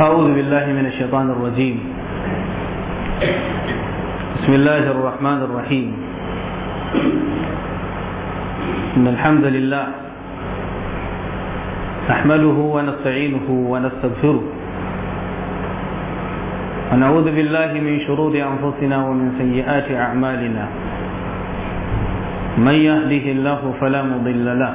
أعوذ بالله من الشيطان الرجيم بسم الله الرحمن الرحيم إن الحمد لله نحمله ونستعينه ونستغفره ونعوذ بالله من شرور أنفسنا ومن سيئات أعمالنا من يهده الله فلا مضل له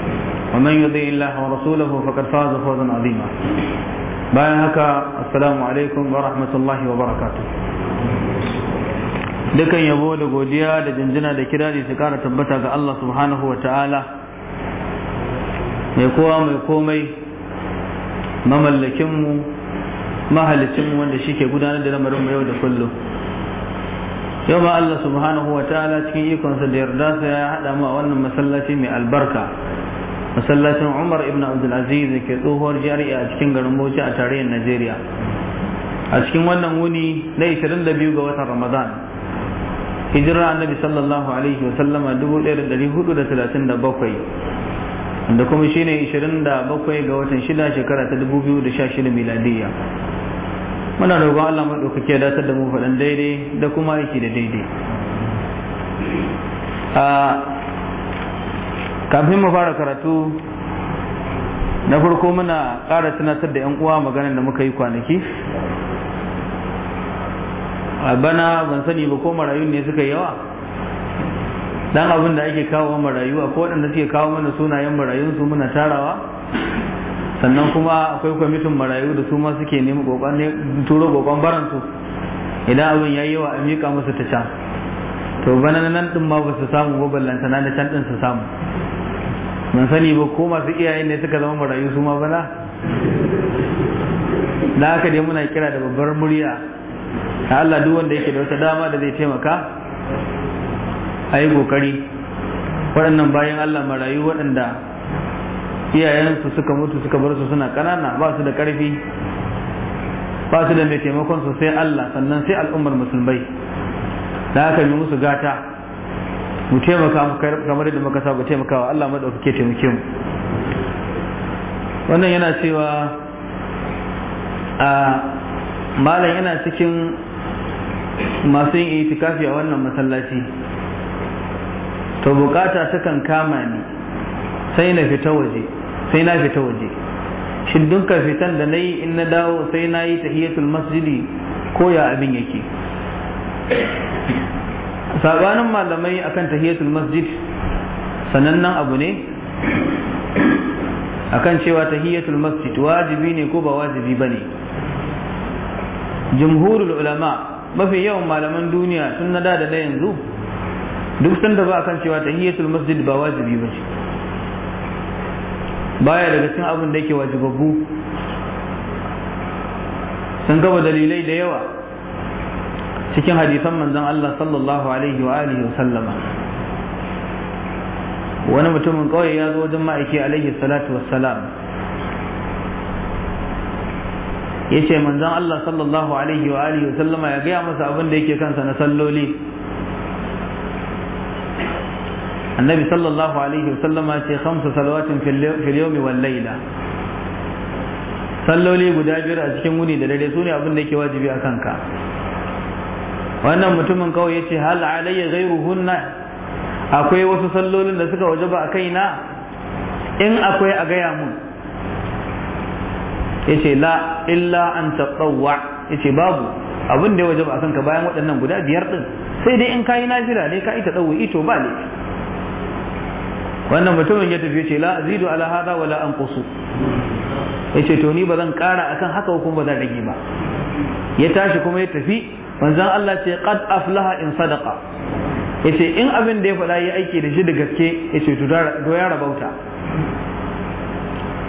ومن يطع الله ورسوله فقد فاز فوزا عظيما bayan haka assalamu alaikum wa rahmatullahi wa barakatu dukan yabo da godiya da jinjina da kirari su kara tabbata ga Allah subhanahu wa ta'ala mai kowa mai komai mamallakinmu mahalicinmu wanda shi ke gudanar da lamarin yau da kullum yau ma Allah subhanahu wa ta'ala cikin ikonsa da yarda ya haɗa mu a wannan masallaci mai albarka masallacin umar ibn abdulaziz da ke tsohuwar jari'a a cikin garin bauchi a tarayyar najeriya a cikin wannan wuni na 22 ga watan ramadan hijira annabi sallallahu alaihi wa sallama 1437 da kuma shine 27 ga watan 6 shekara ta 2016 miladiyya muna roƙon Allah ya datar da mu faɗan daidai da kuma aiki da daidai kafin mu fara karatu na farko muna ƙara tunatar da 'yan uwa magana da muka yi kwanaki a bana ban sani ba ko marayu ne suka yawa dan abin da ake kawo marayu a ko waɗanda suke kawo mana sunayen marayunsu muna tarawa sannan kuma akwai kwamitin marayu da su ma suke nemi turo kokon baransu idan abin ya yi yawa a miƙa musu ta can to bana na nan ɗin ma ba su samu ba ballantana da can ɗin su samu ban sani ba ko masu iyayen ne suka zama marayu su ma bana da haka dai muna kira da babbar murya a Allah duk wanda yake da wata dama da zai taimaka a yi kokari waɗannan bayan Allah marayu waɗanda iyayensu suka mutu suka bar su suna ƙanana ba su da ƙarfi ba su da mai taimakon su sai Allah sannan sai al'ummar musulmai da haka yi musu gata mu taimaka mu kamar yadda muka saba taimakawa Allah madaukake taimake mu wannan yana cewa a malam yana cikin masu yin itikafi a wannan masallaci to bukata takan kama ni sai na fita waje sai na fita waje shin dukkan fitan da na yi in na dawo sai na yi tahiyatul masjidi ko ya abin yake sabanin malamai akan tahiyatul masjid sanannen abu ne akan cewa tahiyatul masjid wajibi ne ko ba wajibi bane jumhurul ulama mafi yawan malaman duniya sun nada da na yanzu duk sun da ba akan cewa tahiyatul masjid ba wajibi ce baya daga cikin abin da yake wajibabbu sun gaba dalilai da yawa cikin hadisan manzon Allah sallallahu alaihi wa alihi sallama wani mutumin kawai ya zo wajen ma'aiki alaihi salatu wassalam ya ce manzon Allah sallallahu alaihi wa alihi sallama ya gaya masa abin da yake kansa na salloli annabi sallallahu alaihi wasallama ce khamsu salawatin fil yawmi wal layla salloli guda biyar a cikin wuni da dare su ne abin da yake wajibi a kanka wannan mutumin kawai yace hal alayya hunna akwai wasu sallolin da suka wajaba a kaina in akwai a gaya mun yace la illa an tatawwa yace babu abin da ya wajaba akan ka bayan waɗannan guda biyar din sai dai in kayi nafira ne ka ita dawo ito ba ne wannan mutumin ya tafi yace la azidu ala hada wala an Ya yace to ni ba zan kara akan haka ko ba zan rage ba ya tashi kuma ya tafi manzon Allah ce qad aflaha in sadaqa yace in abin da ya faɗa yi aiki da shi da gaske yace to do ya rabauta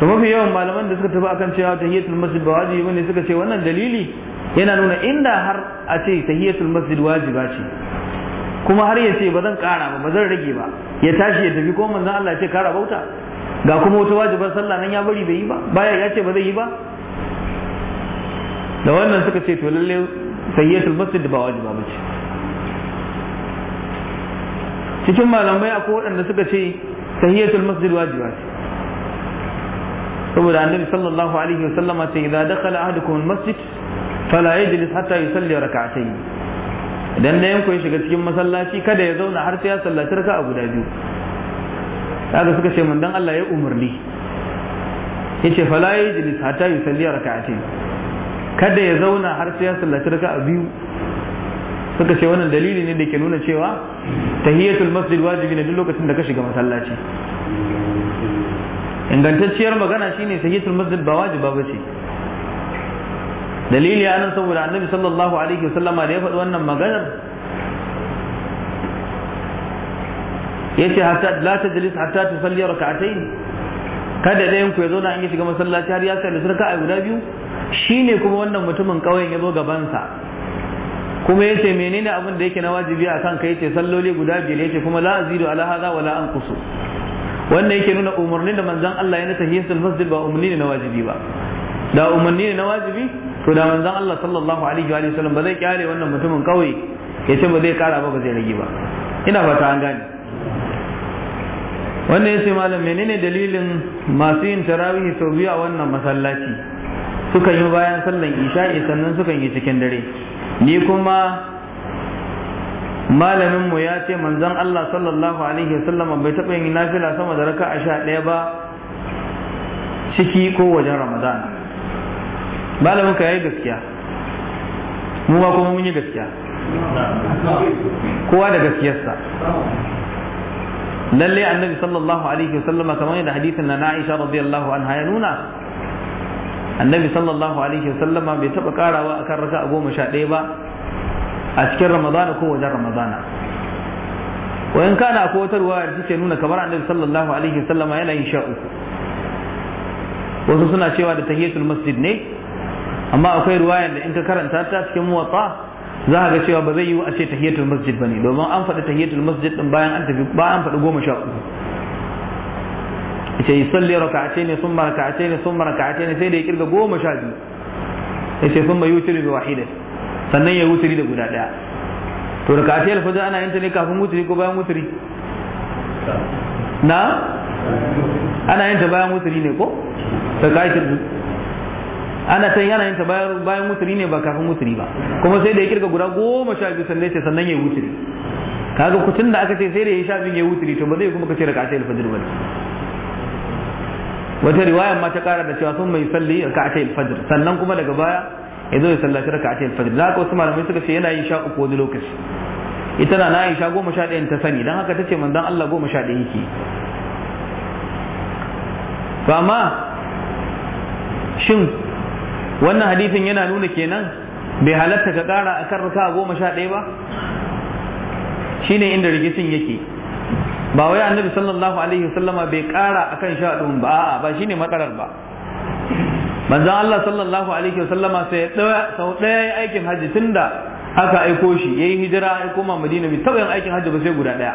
to mafi yawan malaman da suka tafi akan cewa tahiyatul masjid ba wajibi bane suka ce wannan dalili yana nuna inda har a ce tahiyatul masjid wajiba ce kuma har ya ce ba zan kara ba ba zan rage ba ya tashi ya tafi ko manzon Allah ce kara bauta ga kuma wata wajibar sallah nan ya bari bai yi ba baya ya ce ba zai yi ba da wannan suka ce to lalle sayyatul masjid ba wajiba ba ce cikin malamai akwai waɗanda suka ce sayyatul masjid wajiba ce saboda annabi sallallahu alaihi wasallam ce idza dakhala ahadukum almasjid fala yajlis hatta yusalli rak'atayn idan da yanku ya shiga cikin masallaci kada ya zauna har sai ya sallaci raka'a guda biyu kaga suka ce dan Allah ya umarni yace fala yajlis hatta yusalli rak'atayn kada ya zauna har sai ya sallaci a biyu suka ce wannan dalili ne da ke nuna cewa tahiyatul masjid wajibi ne duk lokacin da ka shiga masallaci ingantacciyar magana shine tahiyatul masjid ba wajiba ba ce dalili anan saboda annabi sallallahu alaihi wasallama da ya faɗi wannan maganar yace hatta la tajlis hatta tusalli rak'atayn kada dayan ku ya zauna in ya shiga masallaci har ya sallaci raka'a guda biyu shi ne kuma wannan mutumin ƙauyen ya zo gabansa kuma ya ce menene abin da yake na wajibi a kan kai ce salloli guda biyar ya ce kuma la azidu ala hada wa an kusu wannan yake nuna umarnin da manzan Allah ya nata tahiyatul masjid ba umarni ne na wajibi ba da umarni ne na wajibi to da manzan Allah sallallahu alaihi wa sallam ba zai kyale wannan mutumin ƙauye ya ce ba zai kara ba ba zai rage ba ina fata an gane wannan ya ce malam menene dalilin masu yin tarawih sau biyu a wannan masallaci suka yi bayan sallan isha'i sannan sukan yi cikin dare ni kuma malaminmu ya ce manzan Allah sallallahu alaihi sallama bai taɓa yin nafila sama da raka'a sha ɗaya ba ciki ko wajen ramadan malamin ka yi gaskiya mu ba kuma mun yi gaskiya kowa da gaskiyarsa lalle annabi sallallahu alaihi sallama kamar yadda hadisin na Aisha radiyallahu anha ya nuna annabi sallallahu alaihi wasallama bai taba karawa akan raka goma sha ɗaya ba a cikin ramadana ko wajen ramadana wayan kana a wata ruwa da take nuna kamar annabi sallallahu alaihi wasallama yana yin sha uku wasu suna cewa da tahiyatul masjid ne amma akwai ruwaya da in ka karanta ta cikin muwatta za a ga cewa ba zai yi a ce tahiyatul masjid bane domin an faɗi tahiyatul masjid din bayan an tafi bayan an faɗi goma sha uku yace yusalli ne sun raka'atayn thumma ne sai da ya kirga goma sha biyu yace thumma yutiru bi wahida sannan ya wuturi da guda daya to raka'atayn al-fajr ana yin ta ne kafin wuturi ko bayan wuturi na ana yin ta bayan wuturi ne ko raka'atayn ana san yana yin ta bayan wuturi ne ba kafin wuturi ba kuma sai da ya kirga guda goma sha biyu sannan yace sannan ya wuturi kaga kucin da aka ce sai da ya sha biyu ya wuturi to ba zai kuma kace raka'atayn al-fajr ba wata riwayar ma ta kara da cewa sun mai salli raka'atay al-fajr sannan kuma daga baya ya zo ya sallaci raka'atay al-fajr Za ka wasu malamai suka ce yana yin sha uku wani lokaci ita na nayin sha goma sha ɗayan ta sani don haka ta ce manzon Allah goma sha ɗaya yake ba ma shin wannan hadifin yana nuna kenan bai halatta ka kara akan raka goma sha ɗaya ba shine inda rikicin yake ba wai annabi sallallahu alaihi wasallama bai kara akan sha ɗin ba a'a ba shine matsalar ba manzon Allah sallallahu alaihi wasallama sai ya sau ɗaya ya aikin hajji tunda aka aiko shi yayi hijira ya koma Madina bi taɓa aikin hajji ba sai guda ɗaya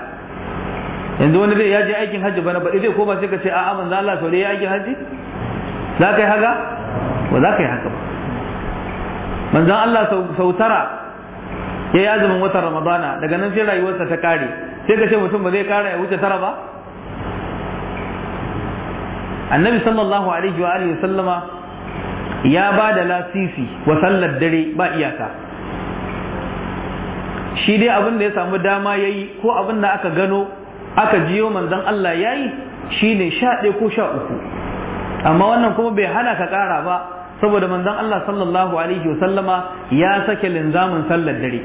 yanzu wani zai ya je aikin hajji bana ba zai koma sai ka ce a'a manzon Allah sau ya aikin hajji za ka yi haka ba za ka yi haka ba manzon Allah sau tara ya azumin watan Ramadana daga nan sai rayuwarsa ta kare sai ka ce mutum ba zai kara ya wuce tara ba annabi sallallahu alaihi wa alihi sallama ya ba da lasisi wa sallar dare ba iyaka shi dai abin da ya samu dama ya yi ko abin da aka gano aka jiyo manzon Allah ya yi shi ne sha ɗaya ko sha uku amma wannan kuma bai hana ka ƙara ba saboda manzon Allah sallallahu alaihi wa sallama ya sake linzamin sallar dare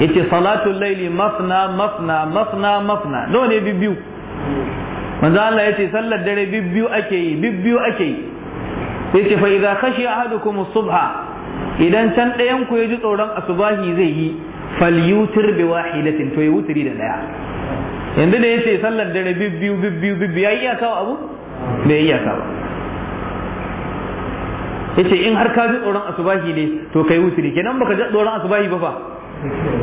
yace salatul laili mafna mafna mafna mafna nawa ne bibbiyu manzo Allah yace sallar dare bibbiyu ake yi bibbiyu ake yi yace fa idza khashiya ahadukum as-subha idan can dayan ku ya ji tsoron asubahi zai yi falyutir bi wahidatin to ya wutiri da daya yanzu da yace sallar dare bibbiyu bibbiyu bibbiyu yayi iyaka wa abu bai iyaka ba yace in har ka ji tsoron asubahi ne to kai wutiri kenan baka ji tsoron asubahi ba fa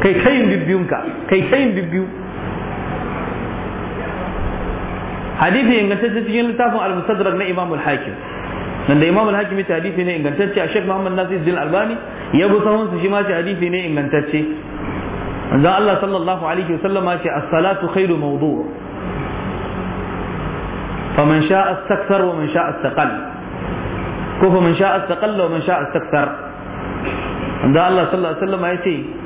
kai kayin bibbiyunka kai kayin bibbiyu hadisi ingantacce cikin littafin al-mustadrak na imamul hakim nan da imamul hakim ya hadisi ne ingantacce a shek muhammad nasir din albani ya bi sahun su shi ma ce hadisi ne ingantacce manzon allah sallallahu alaihi wasallam ya ce as-salatu khairu mawdu' faman sha'a astakthar wa man sha'a astaqal ko faman sha'a astaqal wa man sha'a astakthar manzon allah sallallahu alaihi wasallam ya ce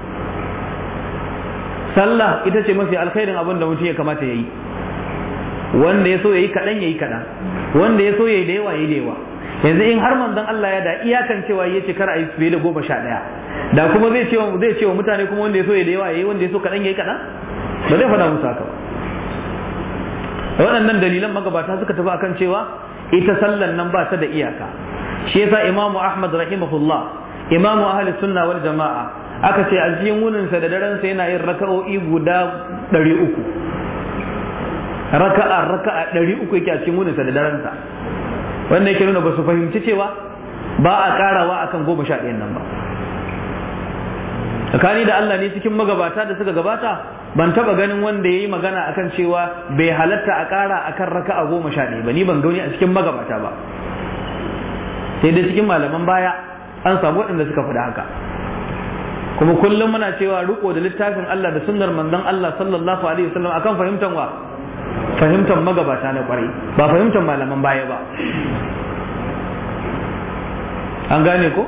sallah ita ce mafi alkhairin abin da mutum ya kamata ya yi wanda ya so ya yi kaɗan ya yi kaɗan wanda ya so ya yi da yawa ya yi da yawa yanzu in har manzon Allah ya da iyakan cewa ya ce kar a yi fiye da goma sha ɗaya da kuma zai ce zai ce wa mutane kuma wanda ya so ya yi da yawa ya yi wanda ya so kaɗan ya yi kaɗan ba zai faɗa musu haka ba waɗannan dalilan magabata suka tafi akan cewa ita sallan nan ba ta da iyaka shi yasa imamu ahmad rahimahullah imamu ahli sunna wal jama'a aka ce a cikin sa da sa yana yin raka'o'i guda ɗari uku raka'a raka'a ɗari uku yake a cikin wuninsa da sa. wannan yake nuna ba su fahimci cewa ba a karawa akan goma sha ɗayan nan ba tsakani da Allah ne cikin magabata da suka gabata ban taba ganin wanda ya yi magana akan cewa bai halatta a kara akan raka'a goma sha ɗaya ba ni ban gauni a cikin magabata ba sai dai cikin malaman baya an samu waɗanda suka faɗi haka kuma kullum muna cewa riko da littafin Allah da sunnar manzon Allah sallallahu alaihi wasallam akan fahimtar wa fahimtan magabata na kwarai ba fahimtar malaman baya ba an gane ko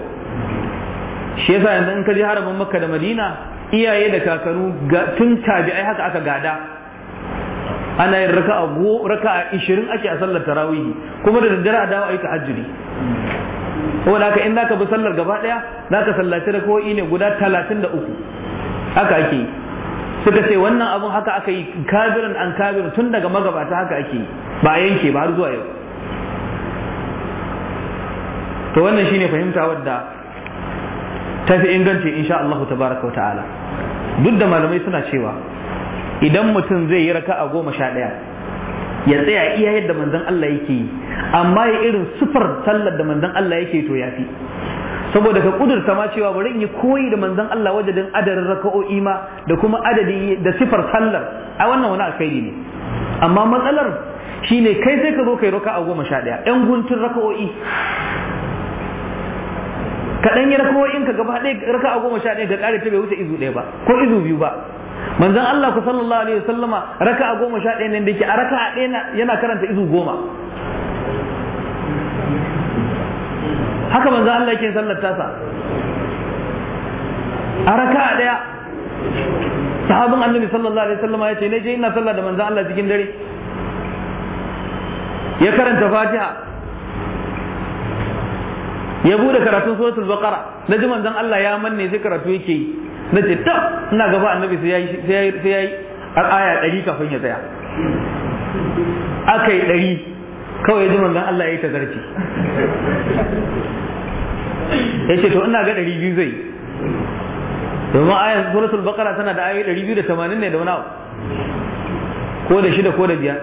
shi yasa yanzu in ka je harabin Makka da Madina iyaye da kakanu tun tabi'ai haka aka gada ana yin raka'a raka'a 20 ake a sallar tarawih kuma da daddare a dawo aika hajjuri saboda haka in zaka bi sallar gaba daya zaka sallaci rakawoyi ne guda 33 haka ake suka ce wannan abun haka aka yi kabirin an kabirin tun daga magabata haka ake ba yanke ba har zuwa yau to wannan shine fahimta wadda ta fi inganci insha Allah tabaraka wa ta'ala duk da malamai suna cewa idan mutum zai yi raka'a goma sha ɗaya ya tsaya iya yadda manzon Allah yake yi amma ya irin sufar sallar da manzon Allah yake to yafi saboda ka kudurta ma cewa bari in yi koyi da manzon Allah wajadin adadin raka'o'i ma da kuma adadi da sifar sallar a wannan wani alkhairi ne amma matsalar shine kai sai ka zo kai raka'a goma sha ɗaya ɗan guntun raka'o'i ka ɗan yi raka'o'in ka gaba ɗaya raka'a goma sha ɗaya ka ƙare ta bai wuce izu ɗaya ba ko izu biyu ba manzon Allah ku sallallahu alaihi wasallama raka'a goma sha ɗaya ne da yake a raka'a ɗaya yana karanta izu goma haka manzon Allah yake sallata tasa a raka'a ɗaya sahabin annabi sallallahu alaihi wasallama ya ce ne je ina sallah da manzon Allah cikin dare ya karanta fatiha ya bude karatun suratul baqara na ji manzon Allah ya manne sai karatu yake yi na ce tam ina gaba annabi sai yayi yi har aya ɗari kafin ya tsaya aka yi ɗari kawai ya ji manzon Allah ya yi tazarci ya ce to ina ga ɗari biyu zai domin aya suratul baqara tana da ayoyi ɗari biyu da tamanin ne da wani ko da shida ko da biyar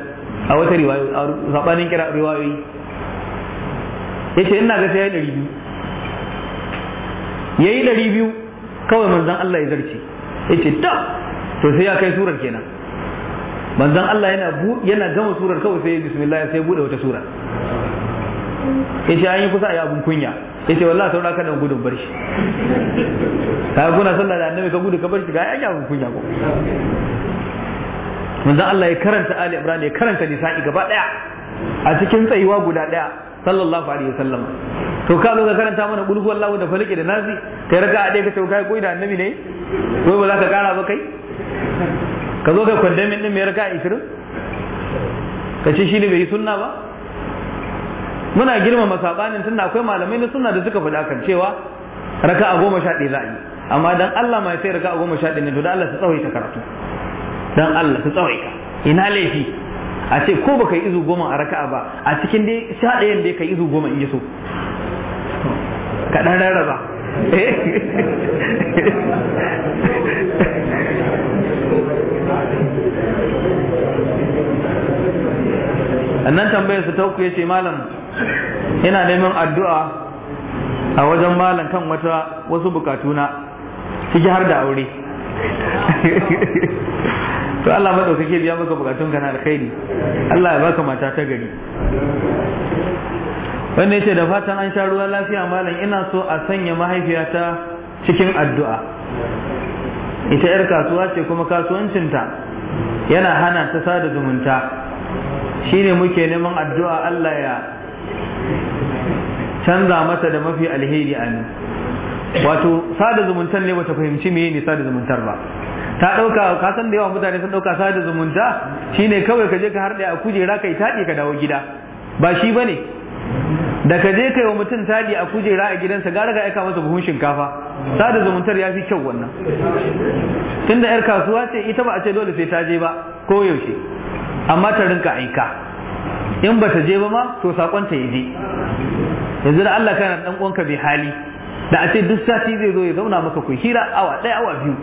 a wata riwayoyi a zaɓanin kira riwayoyi ya ce ina ga sai ya yi ɗari biyu ya yi ɗari biyu kawai manzan Allah ya zarce ce ta to sai ya kai surar kenan manzan Allah yana yana gama surar kawai sai ya bismillah sai ya bude wata sura yace an yi kusa a abun kunya yace wallahi saura kada gudun bar shi ka kuna sallah da annabi ka gudu ka bar shi ga ya abun kunya ko manzan Allah ya karanta Ali Ibrahim ya karanta Nisa'i gaba daya a cikin tsayuwa guda daya sallallahu alaihi wasallam to ka zo ka karanta mana qul huwallahu da falaki da nazi kai raka a dai ka tauka kai da annabi ne ko ba za ka kara ba kai ka zo ka min din mai raka 20 ka ce shi ne bai yi sunna ba muna girmama masabanin tunda akwai malamai na sunna da suka faɗa kan cewa raka a goma sha ɗaya za a yi amma dan Allah mai sai raka a goma sha ɗaya ne to da Allah ta tsawaita karatu dan Allah ta tsawaita ina laifi a ce ko baka yi izu goma a raka'a ba a cikin dai sha ɗayan da ka yi izu goma in yi so ka ɗan rarraba annan tambayar su ta uku ya ce malam ina neman addu'a a wajen malam kan wata wasu bukatuna ciki har da aure to Allah madaukake biya maka bukatun ka na alkhairi Allah ya baka mata ta gari wannan yace da fatan an sha ruwa lafiya malam ina so a sanya mahaifiyata cikin addu'a ita yar kasuwa ce kuma ta yana hana ta sada zumunta shine muke neman addu'a Allah ya canza mata da mafi alheri amin wato sada zumuntar ne bata fahimci meye ne sada zumuntar ba ta ɗauka ka san da yawa mutane sun ɗauka sada zumunta shine kawai ka je ka harde a kujera kai taɗi ka dawo gida ba shi ba ne da ka je kai wa mutum tadi a kujera a gidansa gara ga aika masa buhun shinkafa sada zumuntar ya fi kyau wannan tunda yar kasuwa ce ita ba a ce dole sai ta je ba ko yaushe amma ta rinka aika in ba ta je ba ma to sakon ta je yanzu da Allah kana dan uwanka bai hali da a ce duk sati zai zo ya zauna maka ku hira awa ɗaya awa biyu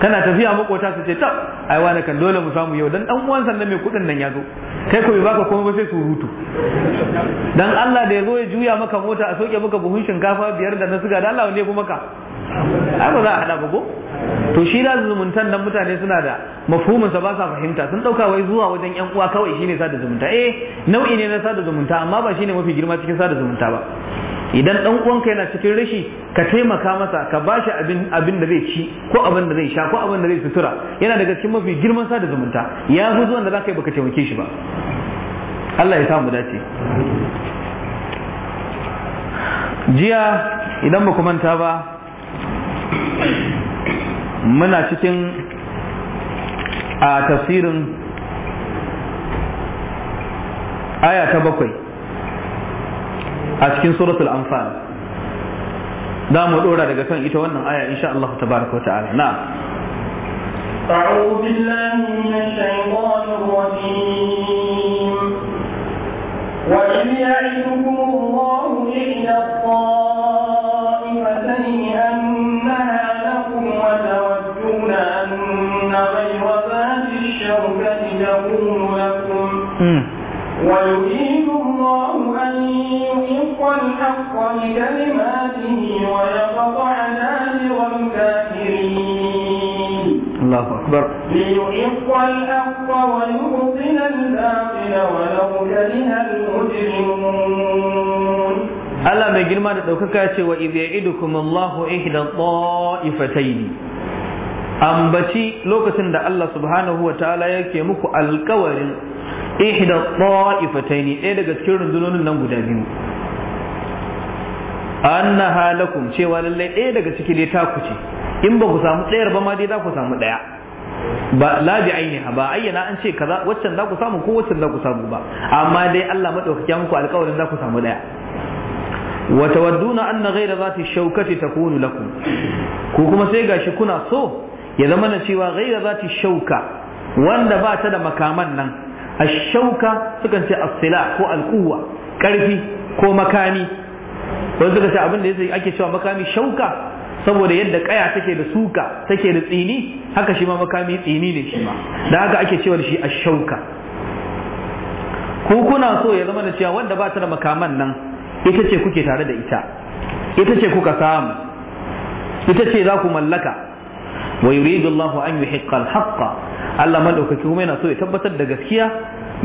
kana tafiya makota su ce ta ai wani kan dole mu samu yau dan dan uwan sannan mai kudin nan ya zo kai ko baka komai ba sai surutu dan Allah da ya zo ya juya maka mota a soke maka buhun shinkafa biyar da na siga da Allah ne kuma ka ai ba za a hada ba ko to shi da zumuntan nan mutane suna da mafhumin sa ba sa fahimta sun dauka wai zuwa wajen yan uwa kawai shine sada zumunta eh nau'i ne na sada zumunta amma ba shine mafi girma cikin sada zumunta ba idan dan uwanka yana cikin rashi ka taimaka masa ka bashi abin abin da zai ci ko abin da zai sha ko abin da zai sutura yana daga cikin mafi girman sada zumunta ya fi zuwan da ka yi baka taimake shi ba Allah ya samu dace jiya idan ba manta ba muna cikin a tafsirin aya ta bakwai a cikin suratul anfal za mu dora daga kan ita wannan aya insha Allah tabaraka ta'ala na أعوذ بالله من الشيطان الرجيم وإذ يعدكم الله إحدى الطائفتين أنها لكم وتودون أن غير ذات الشوكة تكون لكم ويريد الله يحق الحق بكلماته ويقطع دابر الكافرين الله أكبر ليحق الحق ويبطل الباطل ولو كره المجرمون Allah mai girma da ɗaukaka ce wa idh ya'idukum Allahu ihda ta'ifatayn ambaci lokacin da Allah subhanahu wa ta'ala yake muku alkawarin ihda ta'ifatayn ɗaya daga cikin rundunonin nan guda biyu anna halakum cewa lallai ɗaya daga ciki dai ta ku ce in ba ku samu ɗayar ba ma dai za ku samu ɗaya ba la bi ainiha ba ayyana an ce kaza waccan za ku samu ko waccan za ku samu ba amma dai Allah madaukaki muku alƙawarin za ku samu ɗaya wa tawadduna anna ghayra zati ta takunu lakum ku kuma sai gashi kuna so ya zama na cewa ghayra zati shauka wanda ba ta da makaman nan ashauka sukan ce as ko alquwa karfi ko makami wani suka ce abin da ake cewa makami shauka saboda yadda kaya take da suka take da tsini haka shi ma makami tsini ne shi ma da haka ake cewa shi a shauka ko kuna so ya zama da cewa wanda ba ta da makaman nan ita ce kuke tare da ita ita ce kuka samu ita ce za ku mallaka wa yuridu Allahu an yuhiqqa al-haqqa Allah madaukaki kuma yana so ya tabbatar da gaskiya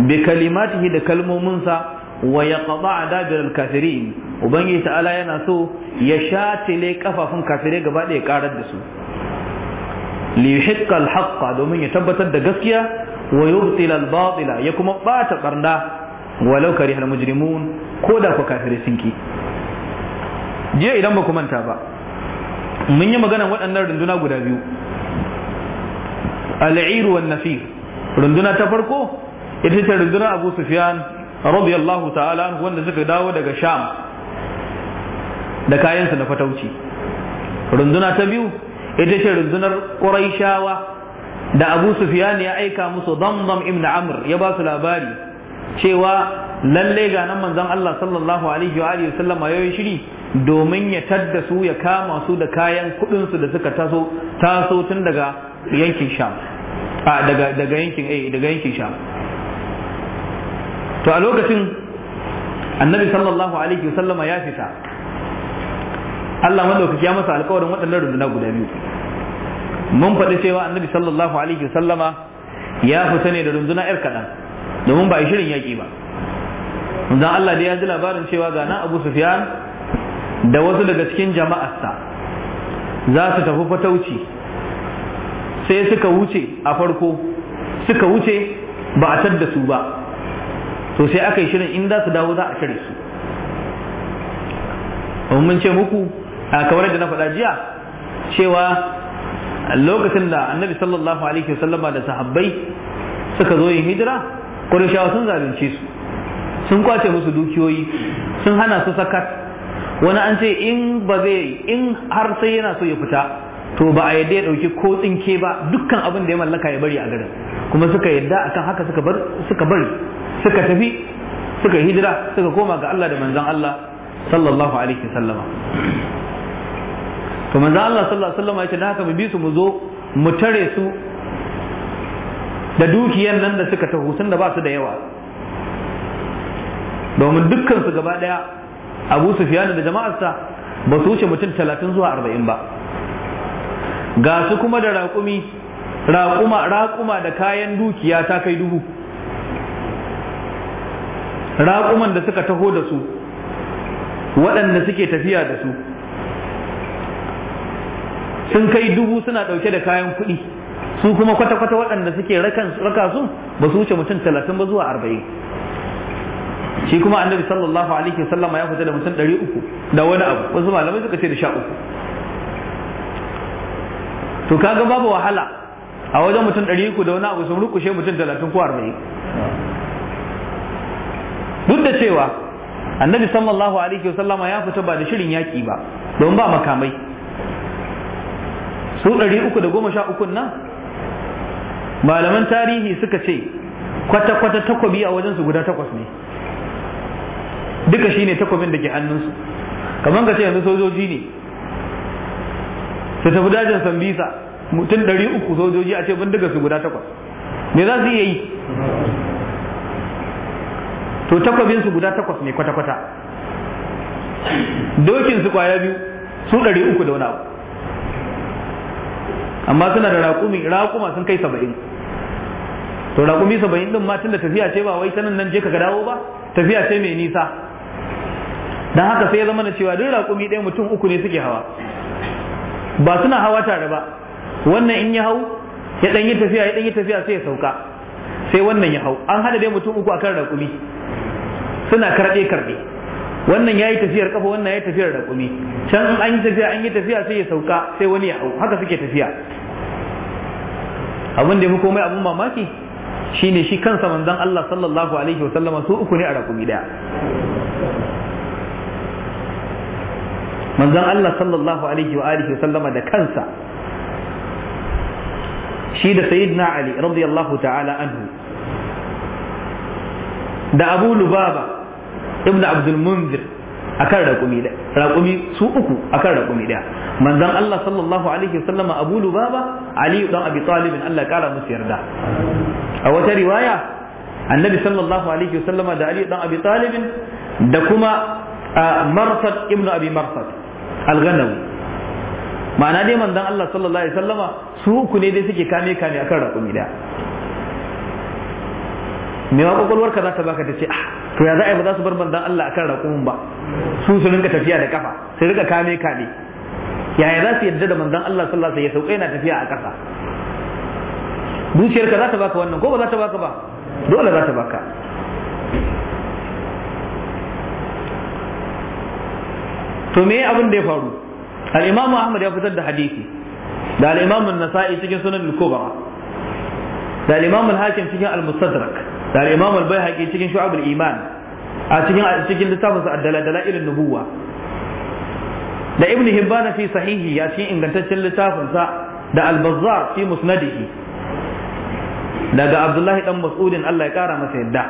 bi kalimatihi da kalmominsa wa kaba a al-kafirin ubangiji ta'ala yana so ya sha shatile kafafun kafirai gaba ɗaya karar da su li yuhiqqa domin ya tabbatar da gaskiya wa yubtila al ya kuma bata barna laukari karihal mujrimun ko da ku kafirai sun ki jiya idan ba ku manta ba mun yi magana waɗannan runduna guda biyu al'iru wan runduna ta farko ita ce runduna abu Sufiyan. radiyallahu ta'ala wanda suka dawo daga sham da kayansu na fatauci runduna ta biyu ita ce rundunar ƙuraishawa da abu sufyan ya aika musu damdam ibn amr ya ba su labari cewa lalle ga nan manzon Allah sallallahu alaihi wa alihi sallama yayi shiri domin ya tadda su ya kama su da kayan kudin su da suka taso taso tun daga yankin sham a daga daga yankin eh daga yankin sham to a lokacin annabi sallallahu alaihi wasallama ya fita Allah madaukaki ya masa alƙawarin waɗannan runduna guda biyu mun faɗi cewa annabi sallallahu alaihi wasallama ya fita ne da runduna yar kaɗan domin ba shirin yaƙi ba dan Allah da ya ji labarin cewa ga na Abu Sufyan da wasu daga cikin jama'arsa za su tafi fatauci sai suka wuce a farko suka wuce ba a tadda su ba to sai aka yi shirin in za su dawo za a cire su mun ce muku a kamar da na faɗa jiya cewa lokacin da annabi sallallahu alaihi wasallama da sahabbai suka zo yin hijira kurishawa sun zalunce su sun kwace musu dukiyoyi sun hana su sakat wani an ce in ba zai in har sai yana so ya fita to ba a yadda ya ɗauki ko tsinke ba dukkan abin da ya mallaka ya bari a garin kuma suka yadda akan haka suka bar? suka tafi suka hijira suka koma ga Allah da manzon Allah sallallahu alaihi wasallama to manzon Allah sallallahu alaihi wasallama ya ce da haka mu bi su mu zo mu tare su da dukiyan nan da suka taho tunda ba su da yawa domin dukkan su gaba daya Abu Sufyan da jama'arsa ba su wuce mutum talatin zuwa arba'in ba ga su kuma da raƙumi raƙuma raƙuma da kayan dukiya ta kai dubu raƙuman da suka taho da su waɗanda suke tafiya da su sun kai dubu suna ɗauke da kayan kuɗi su kuma kwata-kwata waɗanda suke raka su ba su wuce mutum talatin ba zuwa arba'in shi kuma annabi sallallahu alaihi wasallama ya fita da mutum ɗari uku da wani abu wasu malamai suka ce da sha uku to kaga babu wahala a wajen mutum ɗari uku da wani abu sun rukushe mutum talatin ko arba'in duk da cewa annabi sallallahu alaihi wasallama ya fita ba da shirin yaƙi ba don ba makamai su ɗari uku da goma sha uku nan malaman tarihi suka ce kwata-kwata takobi a wajensu guda takwas ne duka shine takobin da ke hannunsu kamar ka ce yanzu sojoji ne su tafi dajin sambisa mutum ɗari uku sojoji a ce bindiga su guda takwas me za su iya yi to takwabin su guda takwas ne kwata kwata dokin su kwaya biyu su ɗari uku da wani abu amma suna da raƙumi raƙuma sun kai saba'in to raƙumi saba'in ɗin ma tun da tafiya ce ba wai ta nan je ka dawo ba tafiya ce mai nisa don haka sai ya zama na cewa duk raƙumi ɗaya mutum uku ne suke hawa ba suna hawa tare ba wannan in ya hau ya ɗan tafiya ya ɗan tafiya sai ya sauka sai wannan ya hau an hada dai mutum uku akan raƙumi suna karɓe karɓe wannan ya yi tafiyar kafa wannan ya yi tafiyar da kumi can an yi tafiya an yi tafiya sai ya sauka sai wani ya hau haka suke tafiya abin da ya fi komai abin mamaki shine shi kansa manzon Allah sallallahu alaihi wa sallama su uku ne a rakumi daya manzon Allah sallallahu alaihi wa alihi wa sallama da kansa shi da sayyidina Ali radiyallahu ta'ala anhu da Abu Lubaba ibnu abdul munzir akan raƙumi raƙumi su uku akan raƙumi ɗaya manzon Allah sallallahu alaihi wasallama Abu Lubaba Ali dan Abi Talib Allah kara musu yarda a wata riwaya annabi sallallahu alaihi wasallama da Ali dan Abi Talib da kuma Marsad ibn Abi Marsad al-Ghanawi ma'ana dai manzon Allah sallallahu alaihi wasallama su uku ne dai suke kame kame akan raƙumi ɗaya me ma kwakwalwar ka za ta baka ta ce ah to ya za a yi ba za su bar manzon Allah akan raƙumin ba su su rinka tafiya da kafa su rinka kame kame yaya za su yarda da manzon Allah sallallahu alaihi wasallam ya sauka yana tafiya a ƙasa zuciyarka za ta baka wannan ko ba za ta baka ba dole za ta baka to me abin da ya faru al-imamu ahmad ya fitar da hadisi da al-imamu an-nasa'i cikin sunan al-kubra da al-imamu al-hakim cikin al-mustadrak da imam al-baihaqi cikin shu'abul iman a cikin cikin littafin sa ad-dalailun nubuwa da ibn hibban fi sahihi ya cikin ingantaccen littafin sa da al-bazzar fi musnadihi daga abdullahi dan mas'udin Allah ya kara masa yadda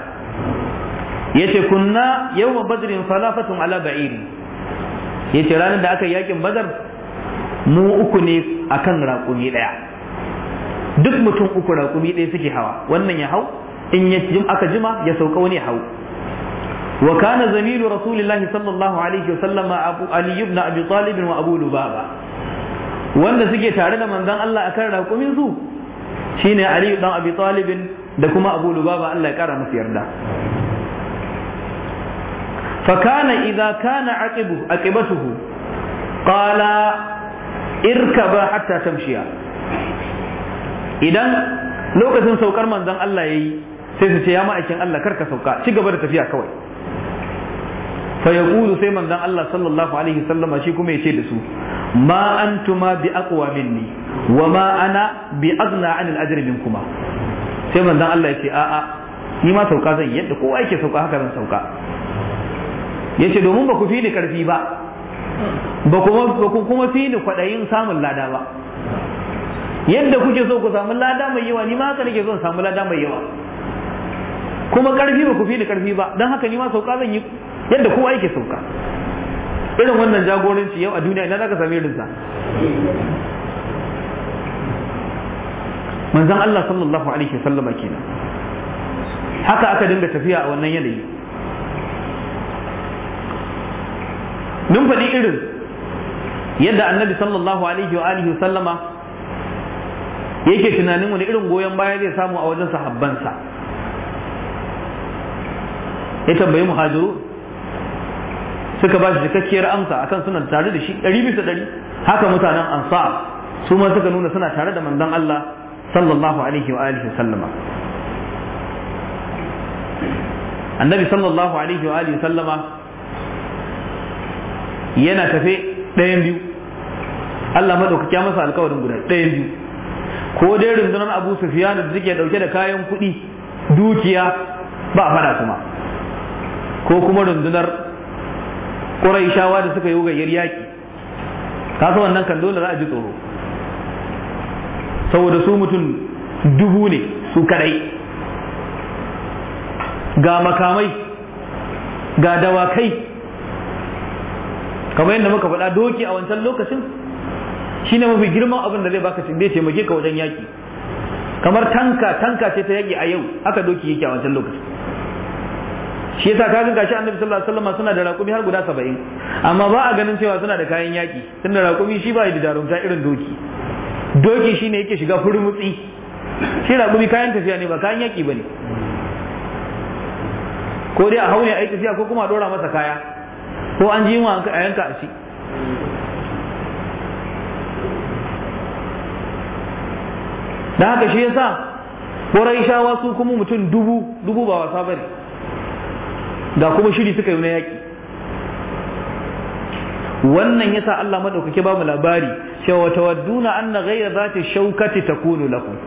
yace kunna yawma badrin falafatun ala ba'iri yace ranar da aka yakin badar mu uku ne akan raƙumi ɗaya duk mutum uku raƙumi ɗaya suke hawa wannan ya hau in ya aka jima ya sauka wani hau wa kana zamilu rasulillahi sallallahu alaihi wasallama abu ali ibn abi talib wa abu lubaba wanda suke tare da manzon Allah akan raƙumin su shine ali dan abi talib da kuma abu lubaba Allah ya kara musu yarda fa kana idza kana aqibu aqibatuhu qala irkaba hatta tamshiya idan lokacin saukar manzon Allah yayi sai su ce ya ma'aikin Allah kar ka sauka ci gaba da tafiya kawai fa yaqulu sai manzon Allah sallallahu alaihi wasallama shi kuma ya ce da su ma antuma bi aqwa minni wa ma ana bi aghna an al-ajri minkuma sai manzon Allah ya yace a'a ni ma sauka zan yadda kowa yake sauka haka zan sauka Ya ce domin ba ku fi ni karfi ba ba ku kuma fi ni kwadayin samun lada ba yadda kuke so ku samu lada mai yawa ni ma haka nake so samu lada mai yawa kuma karfi ba ku fi ni karfi ba don haka ni ma sauka zan yi yadda kowa yake sauka irin wannan jagoranci yau a duniya ina zaka same rinsa. manzan Allah sallallahu alaihi ake kenan haka aka dinga tafiya a wannan yanayi mun faɗi irin yadda annabi sallallahu alaihi wa alihi wasallama yake tunanin wani irin goyon baya zai samu a wajen sahabbansa ya tambayi muhajiru suka ba shi cikakkiyar amsa akan suna tare da shi ɗari bisa ɗari haka mutanen ansar su ma suka nuna suna tare da manzon Allah sallallahu alaihi wa alihi sallama annabi sallallahu alaihi wa alihi sallama yana tafe ɗayan biyu Allah madaukaki ya masa alkawarin guda ɗayan biyu ko dai rundunar Abu Sufyan da suke dauke da kayan kuɗi dukiya ba fada kuma ko kuma rundunar ƙuraishawa da suka yi wugayyar yaƙi kasa wannan kan dole za a ji tsoro saboda su mutum dubu ne su kadai ga makamai ga dawakai kamar yadda muka faɗa doki a wancan lokacin shi ne mafi girman abin da zai baka zai taimake ka wajen yaƙi kamar tanka tanka ce ta yaƙi a yau haka doki yake a wancan lokacin shi yasa ga shi annabi sallallahu alaihi wasallam suna da raƙumi har guda 70 amma ba a ganin cewa suna da kayan yaki tunda raƙumi shi ba da jarumta irin doki doki shine yake shiga furmutsi shi raƙumi kayan tafiya ne ba kayan yaki bane ko dai a haure a yi tafiya ko kuma a dora masa kaya ko an ji yunwa a yanka a ci da haka shi yasa ƙwarai shawa su kuma mutum dubu dubu ba wasa bane ga kuma shiri suka yi na yaƙi wannan yasa Allah madaukake ba mu labari cewa tawadduna anna ghayra zati shaukati takunu lakum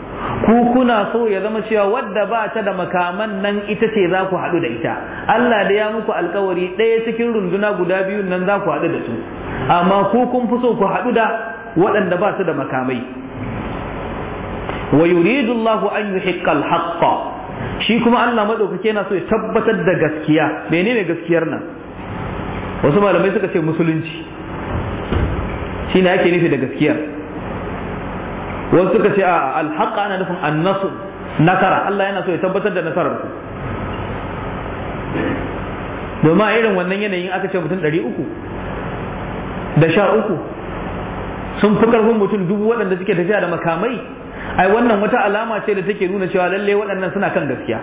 ku kuna so ya zama cewa wadda ba ta da makaman nan ita ce za ku haɗu da ita Allah da ya muku alkawari ɗaya cikin runduna guda biyun nan za ku haɗu da su amma ku kun fi so ku haɗu da waɗanda ba su da makamai wa yuridu Allahu an yuhiqqa al-haqqa shi kuma Allah madaukake yana so ya tabbatar da gaskiya menene gaskiyar nan wasu malamai suka ce musulunci shi ne ake nufi da gaskiyar wasu suka ce a alhaqa ana nufin annasu nasara Allah yana so ya tabbatar da nasarar ku domin a irin wannan yanayin aka ce mutum ɗari uku da sha uku sun fi ƙarfin mutum dubu waɗanda suke tafiya da makamai ai wannan wata alama ce da take nuna cewa lalle waɗannan suna kan gaskiya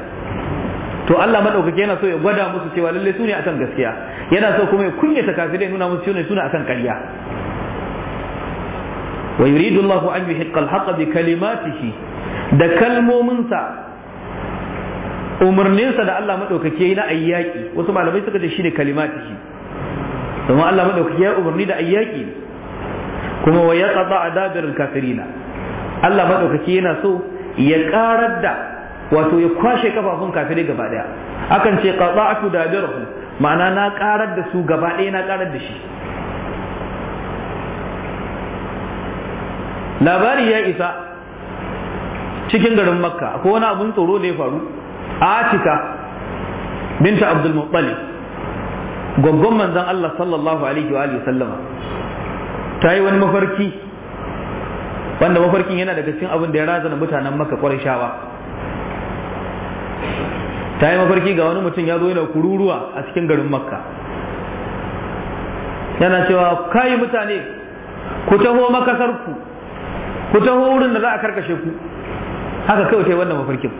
to Allah madaukake yana so ya gwada musu cewa lalle su ne akan gaskiya yana so kuma ya kunyata kafirai nuna musu cewa su ne akan ƙarya wa yuridu Allahu an yuhiqqa al-haqqa bi kalimatihi da kalmominsa umarninsa da Allah maɗaukaki yi na ayyaki wasu malamai suka ce shi ne kalimatihi domin Allah maɗaukaki ya umarni da ayyaki kuma wa ya tsaba a dabirin kafirina Allah maɗaukaki yana so ya ƙarar da wato ya kwashe kafafun kafirai gaba ɗaya akan ce qata'atu dabirahum ma'ana na ƙarar da su gaba ɗaya na ƙarar da shi labari ya isa cikin garin makka akwai wani abun tsoro da ya faru atika binta abdul muttalib gwaggon manzon Allah sallallahu alaihi wa sallama ta yi wani mafarki wanda mafarkin yana daga cikin abin da ya razana mutanen maka shawa. ta yi mafarki ga wani mutum ya zo yana kururuwa a cikin garin makka yana cewa kayi mutane ku taho makasarku ku taho wurin da za a karkashe ku haka kawai ta yi wannan mafarkin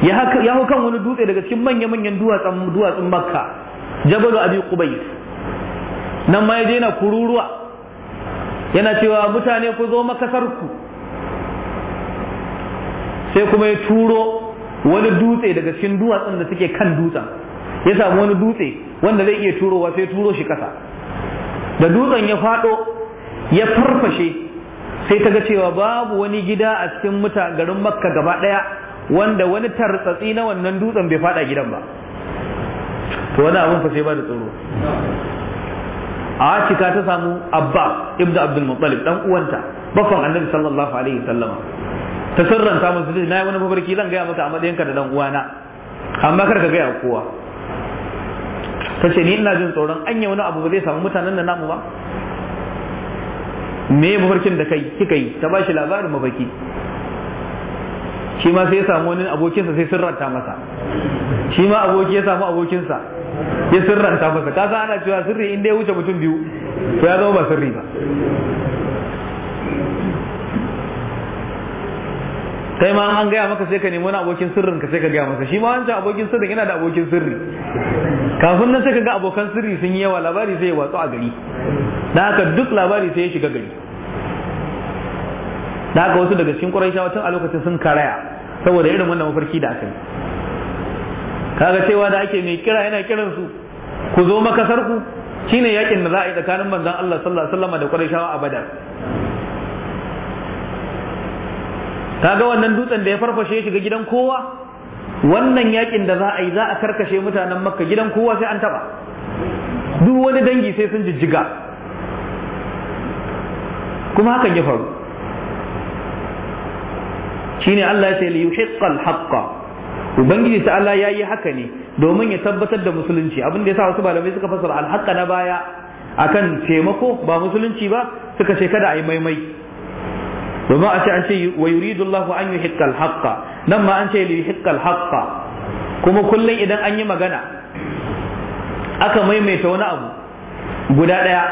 ya hau kan wani dutse daga cikin manya-manyan duwatsun makka jabalu abi kubai nan ma ya je yana kururuwa yana cewa mutane ku zo makasarku sai kuma ya turo wani dutse daga cikin duwatsun da suke kan dutsen ya samu wani dutse wanda zai iya turowa sai turo shi kasa da dutsen ya faɗo ya farfashe sai ta ga cewa babu wani gida a cikin muta garin makka gaba ɗaya wanda wani tartsatsi na wannan dutsen bai faɗa gidan ba to wani abin fa sai ba da tsoro cika ta samu Abba ibnu Abdul Muttalib dan uwanta baffan Annabi sallallahu alaihi wasallam ta sirranta masa na nayi wani babarki zan gaya maka a matsayinka da dan uwana amma kar ka gaya kowa ta ce ni ina jin tsoron anya wani abu ba zai samu mutanen da namu ba me babarkin da kai kika yi ta bashi labarin mafarki shi ma sai ya samu wani abokinsa sai sirranta masa shi ma aboki ya samu abokinsa ya sirranta masa ka san ana cewa sirri inda ya wuce mutum biyu to ya zama ba sirri ba kai ma an gaya maka sai ka nemi wani abokin sirrin ka sai ka gaya masa shi ma wancan abokin sirrin yana da abokin sirri kafin nan sai ka ga abokan sirri sun yi yawa labari sai ya watsu a gari da haka duk labari sai ya shiga gari da haka wasu daga cikin quraishawa tun a lokacin sun karaya saboda irin wannan mafarki da aka yi kaga cewa da ake mai kira yana kiran su ku zo makasar ku shine yakin da za a yi tsakanin manzon Allah sallallahu alaihi wasallam da quraishawa a badar kaga wannan dutsen da ya farfashe shiga gidan kowa wannan yakin da za a yi za a karkashe mutanen makka gidan kowa sai an taba duk wani dangi sai sun jijjiga kuma hakan ya faru shine Allah ya ce li yuhiqqal haqqa ubangiji ta Allah yayi haka ne domin ya tabbatar da musulunci abin da yasa wasu malamai suka fassara al haqqa na baya akan taimako ba musulunci ba suka ce kada a yi maimai domin a ce an ce wa yuridu Allahu an yuhiqqal haqqa nan ma an ce li yuhiqqal haqqa kuma kullum idan an yi magana aka maimaita wani abu guda ɗaya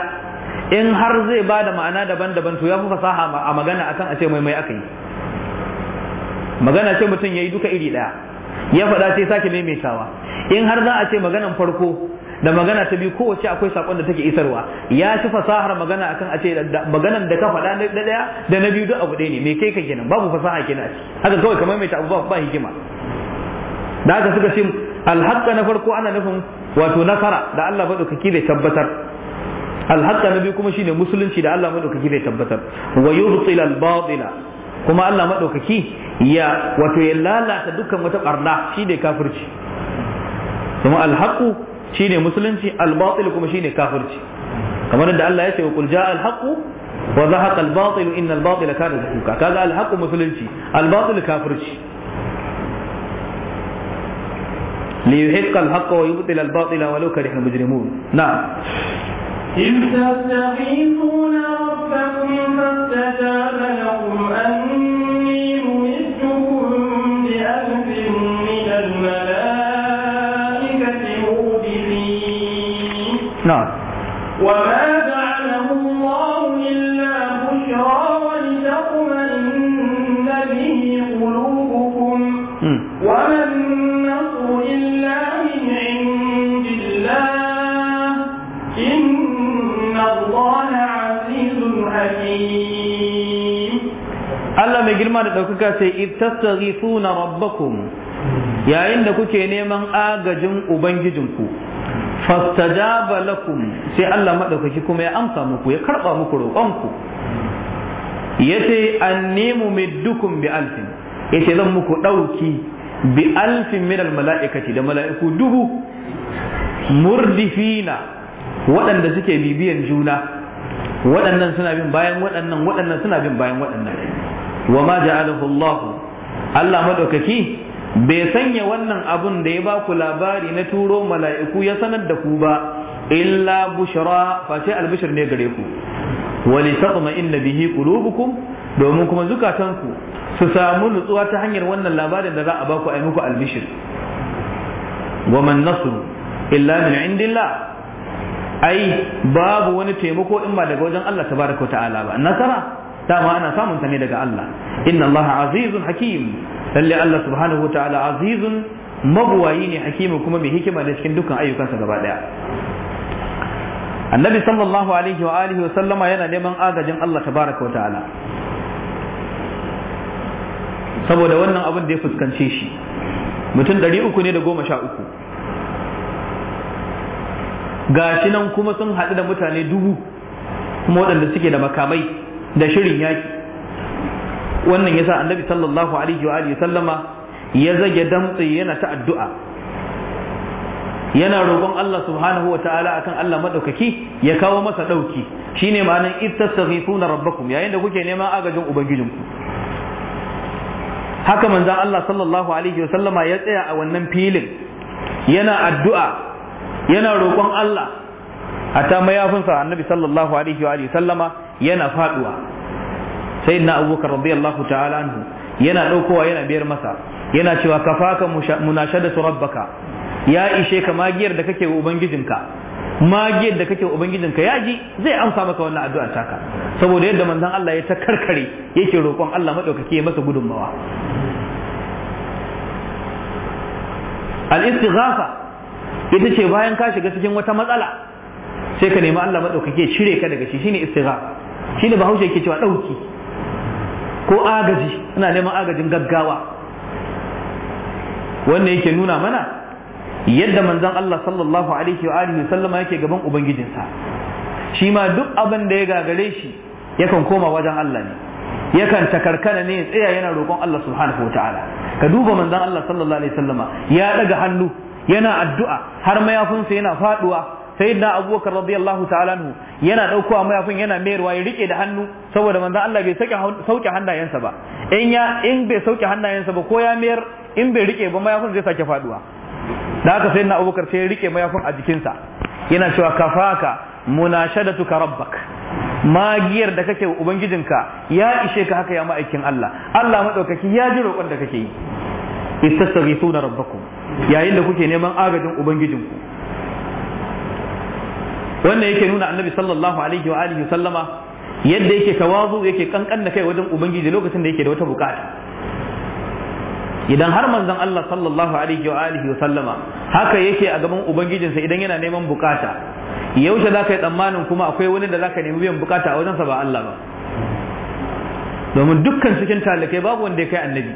in har zai ba da ma'ana daban-daban to ya fi fasaha a magana akan a ce maimai aka yi magana ce mutum ya yi duka iri daya ya faɗa sai sake maimaitawa in har za a ce maganan farko da magana ta biyu kowace akwai sakon da take isarwa ya ci fasahar magana akan a ce maganan da ka faɗa na ɗaya da na biyu duk abu ɗaya ne me kai ka kenan babu fasaha kenan haka kawai kamar mai abu ba hikima da haka suka ce alhaqqa na farko ana nufin wato nasara da Allah madaukaki bai tabbatar alhaqqa na biyu kuma shine musulunci da Allah madaukaki bai tabbatar wa yubtil batila kuma Allah maɗaukaki ya wato ya lalata dukkan wata barna shi ne kafirci kuma alhaqu shi ne musulunci albatil kuma shi ne kafirci kamar da Allah ya ce wa kul ja'a alhaqu wa zahaqa albatil inna albatila da zahuqa kaga alhaqu musulunci albatil kafirci ليحق الحق ويبطل الباطل ولو كره المجرمون نعم إذ تستغيثون ربكم فاستجاب لكم أني ممدكم بألف من الملائكة مؤمنين نعم وما جعله الله إلا بشرى ولتطمئن به قلوبكم وما النصر إلا girma da ɗaukaka sai ibtastaghifuna rabbakum yayin da kuke neman agajin ubangijinku fastajaba lakum sai Allah madaukaki kuma ya amsa muku ya karba muku roƙonku yace annimu middukum bi alfin yace zan muku ɗauki bi alfin min mala'ikati da mala'iku dubu murdifina waɗanda suke bibiyan juna waɗannan suna bin bayan waɗannan waɗannan suna bin bayan waɗannan wa ma ja'alahu Allah Allah madaukaki bai sanya wannan abun da ya ba ku labari na turo mala'iku ya sanar da ku ba illa bushra face albishir ne gare ku wa li tatma inna bihi qulubukum domin kuma zukatanku su samu nutsuwa ta hanyar wannan labarin da za a ba ku muku albishir wa man nasru illa min indillah ai babu wani taimako in ba daga wajen Allah tabaraka ta'ala ba nasara dama ana samun ta ne daga Allah inna Allah azizun hakim lalle Allah subhanahu ta'ala azizun mabuwayi ne hakimin kuma mai hikima da cikin dukkan ayyukansa gaba daya annabi sallallahu alaihi wa alihi wa sallama yana neman agajin Allah tabaraka ta'ala. saboda wannan abin da ya fuskance shi mutum ɗari uku ne da goma sha uku gashi nan kuma sun haɗu da mutane dubu kuma waɗanda suke da makamai da shirin yaki wannan yasa annabi sallallahu alaihi wa alihi sallama ya zage damtse yana ta addu'a yana roƙon Allah subhanahu wa ta'ala akan Allah madaukaki ya kawo masa dauki shine ma'anan istastaghifuna rabbakum yayin da kuke neman agajin ubangijinku haka manzon Allah sallallahu alaihi wa sallama ya tsaya a wannan filin yana addu'a yana roƙon Allah a ta mayafinsa annabi sallallahu alaihi wa sallama yana faduwa sai na abubakar radiyallahu ta'ala anhu yana daukowa yana biyar masa yana cewa kafaka munashadatu rabbaka ya ishe ka magiyar da kake ubangijinka magiyar da kake ubangijinka ya ji zai amsa maka wannan addu'a taka saboda yadda manzon Allah ya ta karkare yake roƙon Allah madaukake ya masa gudunmawa al-istighafa ita ce bayan ka shiga cikin wata matsala sai ka nemi Allah madaukake cire ka daga shi shine istighafa shi ne bahaushe ke cewa ɗauki ko agaji ana neman agajin gaggawa wannan yake nuna mana yadda manzon Allah sallallahu alaihi wa alihi sallama yake gaban ubangijinsa shi ma duk abin da ya gagare shi yakan koma wajen Allah ne yakan takarkana ne ya tsaya yana roƙon Allah subhanahu wataala ka duba manzon Allah sallallahu alaihi wasallama ya daga hannu yana addu'a har mayafinsa yana faduwa sayyidina abubakar radiyallahu ta'ala anhu yana a mayafin yana mayarwa ya rike da hannu saboda manzo Allah bai sauke hannayensa ba in ya in bai sauke hannayensa ba ko ya mayar in bai rike ba mayafin zai sake faduwa da haka sayyidina abubakar sai ya rike mayafin a jikinsa yana cewa kafaka munashadatuka rabbak magiyar da kake wa ubangijinka ya ishe ka haka ya ma'aikin Allah Allah madaukaki ya ji roƙon da kake yi istastaghithuna rabbakum yayin da kuke neman agajin ubangijinku wannan yake nuna annabi sallallahu alaihi wa alihi sallama yadda yake tawazu yake kankan da kai wajen ubangiji lokacin da yake da wata bukata idan har manzon Allah sallallahu alaihi wa alihi sallama haka yake a gaban ubangijinsa idan yana neman bukata yaushe za ka yi tsammanin kuma akwai wani da za ka nemi biyan bukata a wajensa ba Allah ba domin dukkan cikin talakai babu wanda ya kai annabi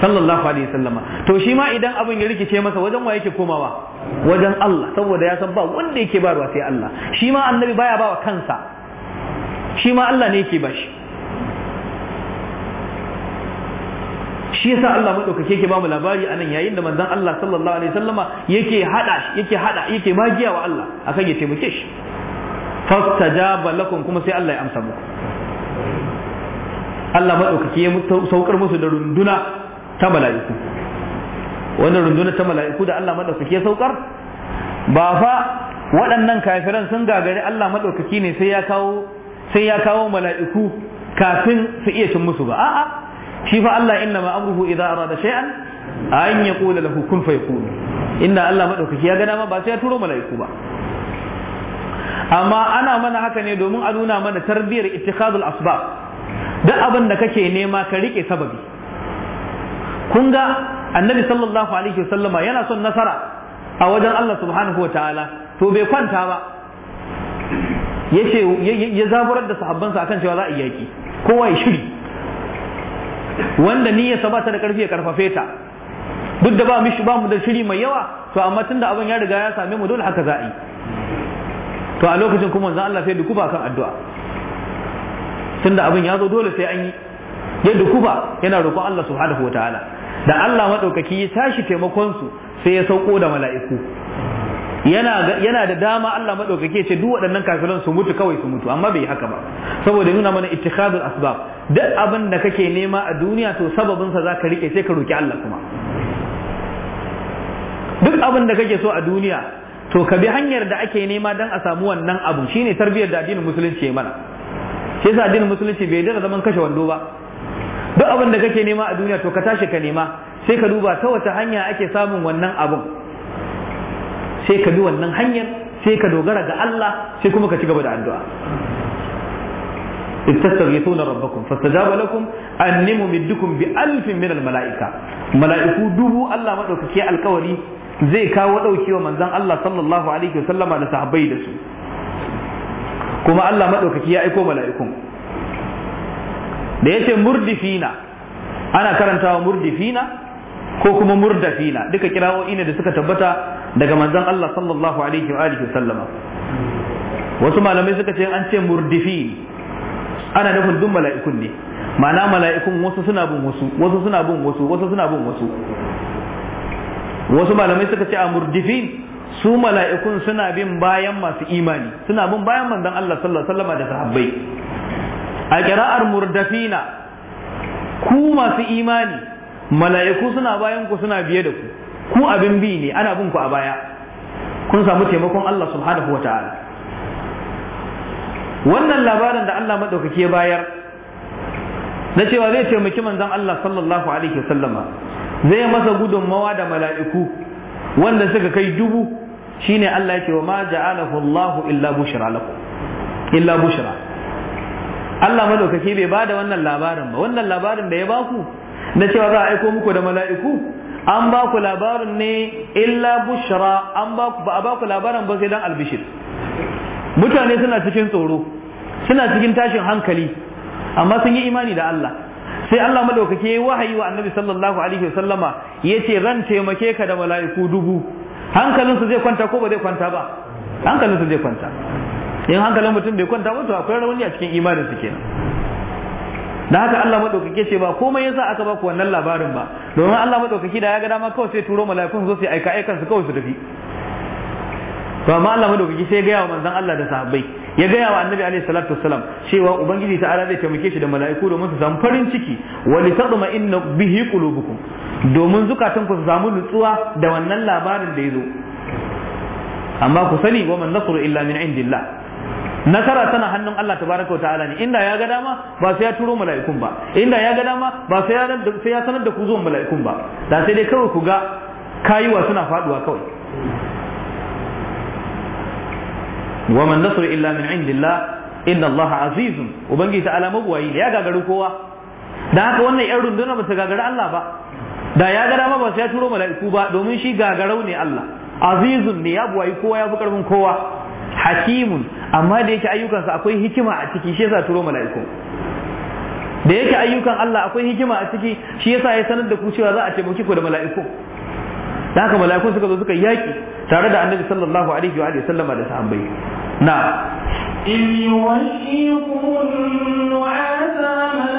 sallallahu alaihi wasallam to shi ma idan abin ya rikice masa wajen wa yake komawa wajen Allah saboda ya san ba wanda yake ba barwa sai Allah shi ma annabi baya bawa kansa shi ma Allah ne yake bashi shi yasa Allah madaukake yake bamu labari anan yayin da manzon Allah sallallahu alaihi wasallama yake hada yake hada yake magiya wa Allah akan ya taimake shi fastajaba lakum kuma sai Allah ya amsa muku Allah maɗaukaki ya saukar musu da runduna ta mala'iku wannan rundunar ta mala'iku da Allah ya saukar ba fa waɗannan kafiran sun gagari Allah maɗaukaki ne sai ya kawo mala'iku kafin su iya cin musu ba a'a shi fa Allah inna ma amruhu idza arada shay'an an yaqula lahu kun fayakun inna Allah madaukaki ya gana ma ba sai ya turo mala'iku ba amma ana mana haka ne domin a nuna mana tarbiyyar ittikhadul asbab duk abin da kake nema ka rike sababi kun ga annabi sallallahu alaihi wasallama yana son nasara a wajen Allah subhanahu wataala to bai kwanta ba yace ya zaburar da sahabbansa akan cewa za a yaki kowa ya shiri wanda niyyarsa ba ta da karfi ya karfafe ta duk da ba mu da shiri mai yawa to amma tunda abin ya riga ya same mu dole haka za a yi to a lokacin kuma manzon Allah sai dukuba kan addu'a tunda abin ya zo dole sai an yi ya dukuba yana roƙon Allah subhanahu wataala da Allah maɗaukaki ya tashi taimakon su sai ya sauko da mala'iku yana da dama Allah maɗaukaki ya ce duk waɗannan kafiran su mutu kawai su mutu amma bai haka ba saboda nuna mana ittikhadul asbab duk abin da kake nema a duniya to sababin sa zaka rike sai ka roki Allah kuma duk abin da kake so a duniya to ka bi hanyar da ake nema dan a samu wannan abu shine tarbiyyar da addinin musulunci ya mana sai sa addinin musulunci bai da zaman kashe wando ba duk abin da kake nema a duniya to ka tashi ka nema sai ka duba ta wata hanya ake samun wannan abin sai ka bi wannan hanyar sai ka dogara ga Allah sai kuma ka ci gaba da addu'a istastaghithuna rabbakum fastajaba lakum anni mumiddukum bi alfin min malaika malaiku dubu Allah madaukaki alkawari zai kawo daukewa manzan Allah sallallahu alaihi wasallama da sahabbai da su kuma Allah maɗaukaki ya aiko malaikun da yace murdifina ana karantawa murdifina ko kuma murda murdafina duka kirawo'i ne da suka tabbata daga manzon Allah sallallahu alaihi wa alihi sallama wasu malamai suka ce an ce murdifi ana nufin duk mala'ikun ne ma'ana mala'ikun wasu suna bin wasu wasu suna bin wasu wasu suna bin wasu wasu malamai suka ce a murdifi su mala'ikun suna bin bayan masu imani suna bin bayan manzon Allah sallallahu alaihi wa sallama da sahabbai a kira'ar murdafina ku masu imani mala'iku suna bayan ku suna biye da ku ku abin bi ne ana bin ku a baya kun samu taimakon Allah subhanahu wata'ala wannan labarin da Allah maɗaukaki bayar na cewa zai taimaki manzon Allah sallallahu alaihi wasallama zai masa gudunmawa da mala'iku wanda suka kai dubu shine Allah ya ce wa ma ja'alahu Allah illa bushra lakum illa bushra Allah madaukaki bai bada wannan labarin ba wannan labarin da ya baku na cewa za a aiko muku da mala'iku an baku labarin ne illa bushra an ba ba a baku labarin ba sai dan albishir mutane suna cikin tsoro suna cikin tashin hankali amma sun yi imani da Allah sai Allah madaukake wahayi wa annabi sallallahu alaihi wasallama yace ran taimake ka da mala'iku dubu hankalinsu zai kwanta ko ba zai kwanta ba hankalinsu zai kwanta in hankalin mutum bai kwanta ba to akwai rauni a cikin imanin su kenan da haka Allah madaukake ce ba komai yasa aka ba ku wannan labarin ba domin Allah madaukake da ya ga dama kawai sai turo mala'ikun zo sai aika aikan su kawai su tafi to amma Allah madaukake sai ya ga wa manzon Allah da sahabbai ya gaya wa annabi alaihi salatu wassalam cewa ubangiji ta ala zai taimake shi da mala'iku domin su samu farin ciki wa li tadma inna bihi qulubukum domin zukatan ku su samu nutsuwa da wannan labarin da yazo amma ku sani wa man nasru illa min indillah nasara tana hannun Allah tabaraka wa ta'ala ne inda ya ga dama ba sai ya turo mala'ikun ba inda ya ga dama ba sai ya sai ya sanar da ku zuwan mala'ikun ba da sai dai kawai ku ga kayuwa suna faduwa kawai wa man nasru illa min indillah inna Allah azizun ubangiji ta'ala magwayi ya gagaru kowa dan haka wannan 'yar runduna ba ta gagara Allah ba da ya ga dama ba sai ya turo mala'iku ba domin shi gagarau ne Allah azizun ne ya buwayi kowa ya fi karfin kowa hakimun amma da yake ayyukansa akwai hikima a ciki shi yasa turo mala'iku da yake ayyukan Allah akwai hikima a ciki shi yasa ya sanar da ku cewa za a taimaki ku da mala'iku da haka mala'iku suka zo suka yaki tare da annabi sallallahu alaihi wa sallama da sahabbai na in yuwashikum nu'asa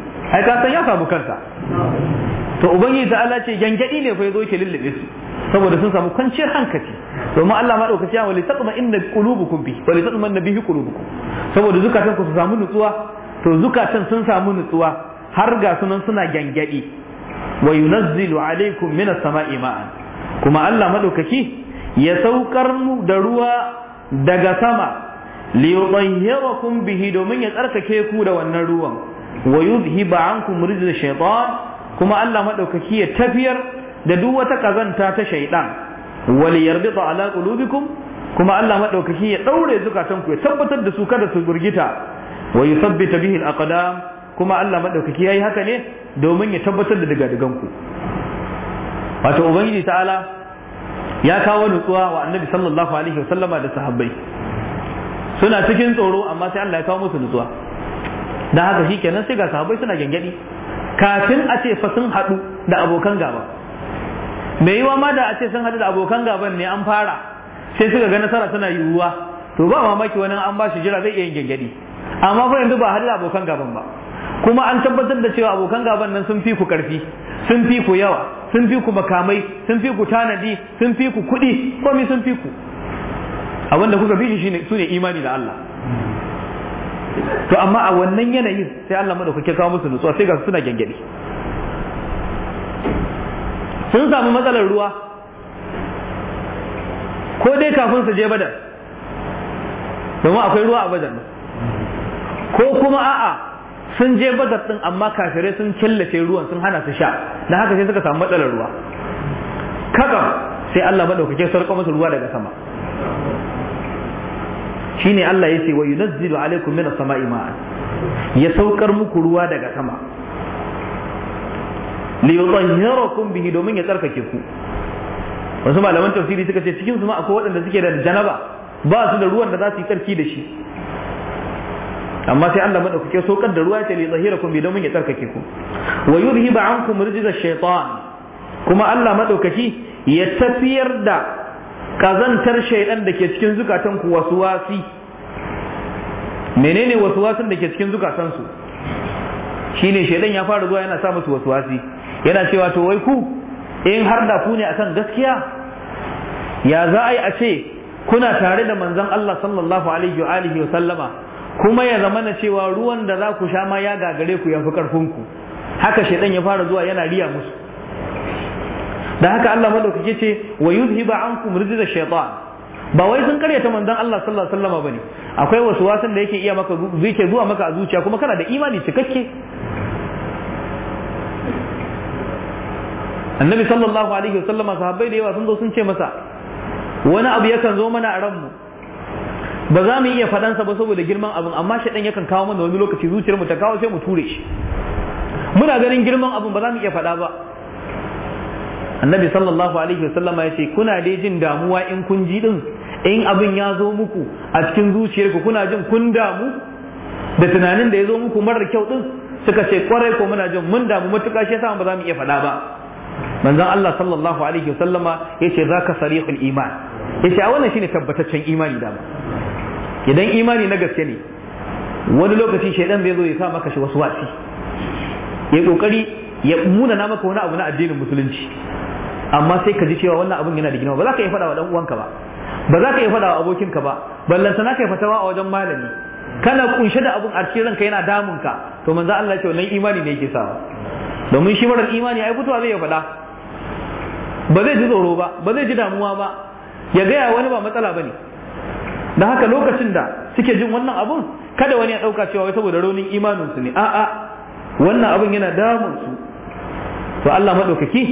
ai ka san ya samu kansa to ubangiji ta Allah ce gangadi ne fa yazo ke lullube su saboda sun samu kwanciyar hankali domin Allah ma daukaci ya wali taqma inna qulubukum bi wali taqma bihi qulubukum saboda zukatan ku su samu nutsuwa to zukatan sun samu nutsuwa har ga sunan suna gangadi wa yunazzilu alaikum minas sama'i ma'an kuma Allah madaukaki ya saukar mu da ruwa daga sama liyubayyirakum bihi domin ya tsarkake ku da wannan ruwan wa yuzhiba ankum rijza Shaitan, kuma Allah maɗaukaki ya tafiyar da duk wata ƙazanta ta shaytan wal yarbita ala qulubikum kuma Allah madaukaki ya daure zukatan ku ya tabbatar da su kada su gurgita, wa sabbita bihi al aqdam kuma Allah ya yayi haka ne domin ya tabbatar da daga Wata ku wato ubangiji ta'ala ya kawo nutsuwa wa annabi sallallahu alaihi sallama da sahabbai suna cikin tsoro amma sai Allah ya kawo musu nutsuwa da haka shi kenan sai ga sahabbai suna gyangyaɗi kafin a ce fa sun haɗu da abokan gaba mai yiwa ma da a ce sun haɗu da abokan gaban ne an fara sai suka ga nasara suna yiwuwa to ba mamaki wani an ba shi jira zai iya yin gyangyaɗi amma fa yanzu ba haɗu da abokan gaban ba kuma an tabbatar da cewa abokan gaban nan sun fi ku ƙarfi sun fi ku yawa sun fi ku makamai sun fi ku tanadi sun fi ku kuɗi komai sun fi ku abinda kuka bi shi su ne imani da Allah to amma a wannan yanayin sai Allah madaukake kawo musu nutsuwa sai ga suna gyangyaɗi sun samu matsalar ruwa ko dai kafin su je badar domin akwai ruwa a badar ko kuma a'a sun je badar din amma kafirai sun killace ruwan sun hana su sha na haka sai suka samu matsalar ruwa kaga sai Allah madaukake sarƙo musu ruwa daga sama shine Allah ya ce wa yunazzilu alaikum minas sama'i ma'an ya saukar muku ruwa daga sama li yudhhirakum bihi domin ya tsarkake ku wasu malaman tafsiri suka ce cikin su ma akwai waɗanda suke da janaba ba su da ruwan da za su yi tsarki da shi amma sai Allah madaukake saukar da ruwa ya ta li zahirakum bi domin ya tsarkake ku wa yuzhiba ankum rijza shaytan kuma Allah madaukaki ya tafiyar da kazantar shaidan da ke cikin zukatan ku wasu wasi menene wasu wasin da ke cikin zukatan su shine shaidan ya fara zuwa yana sa musu wasu wasi yana cewa to wai ku in har da ku ne akan gaskiya ya za a yi a ce kuna tare da manzon Allah sallallahu alaihi wa alihi wa sallama kuma ya zama na cewa ruwan da za ku sha ma ya gagare ku ya fi karfin ku haka shaidan ya fara zuwa yana riya musu da haka Allah madaukake ce wa yuzhiba ankum rijza shaytan ba wai sun karyata manzon Allah sallallahu alaihi wasallam bane akwai wasu wasan da yake iya maka yake zuwa maka a zuciya kuma kana da imani cikakke annabi sallallahu alaihi wasallam sahabbai da yawa sun zo sun ce masa wani abu yakan zo mana a ranmu ba za mu iya faɗansa ba saboda girman abin amma shaɗan yakan kawo mana wani lokaci zuciyar mu ta kawo sai mu ture shi muna ganin girman abin ba za mu iya faɗa ba annabi sallallahu alaihi wasallam ya ce kuna dai jin damuwa in kun ji din in abin ya zo muku a cikin zuciyarku kuna jin kun damu da tunanin da ya zo muku marar kyau din suka ce kwarai ko muna jin mun damu matuƙa shi yasa ba za mu iya faɗa ba manzon Allah sallallahu alaihi ce za zaka sarihul iman ya ce a wannan shine tabbataccen imani da idan imani na gaske ne wani lokaci shaidan bai zo ya sa maka shi wasu wasi ya kokari ya muna na maka wani abu na addinin musulunci amma sai ka ji cewa wannan abin yana da ginawa ba za ka iya faɗa wa ɗan uwanka ba ba za ka iya faɗa wa abokinka ba ballanta na ka fatawa a wajen malami kana kunshe da abun a cikin ranka yana damun ka to manzo Allah ya ce wannan imani ne yake sawa domin shi marar imani ai fitowa zai ya faɗa ba zai ji tsoro ba ba zai ji damuwa ba ya gaya wani ba matsala ba ne da haka lokacin da suke jin wannan abun kada wani ya ɗauka cewa wai saboda raunin imaninsu ne a'a wannan abun yana damun su to Allah maɗaukaki,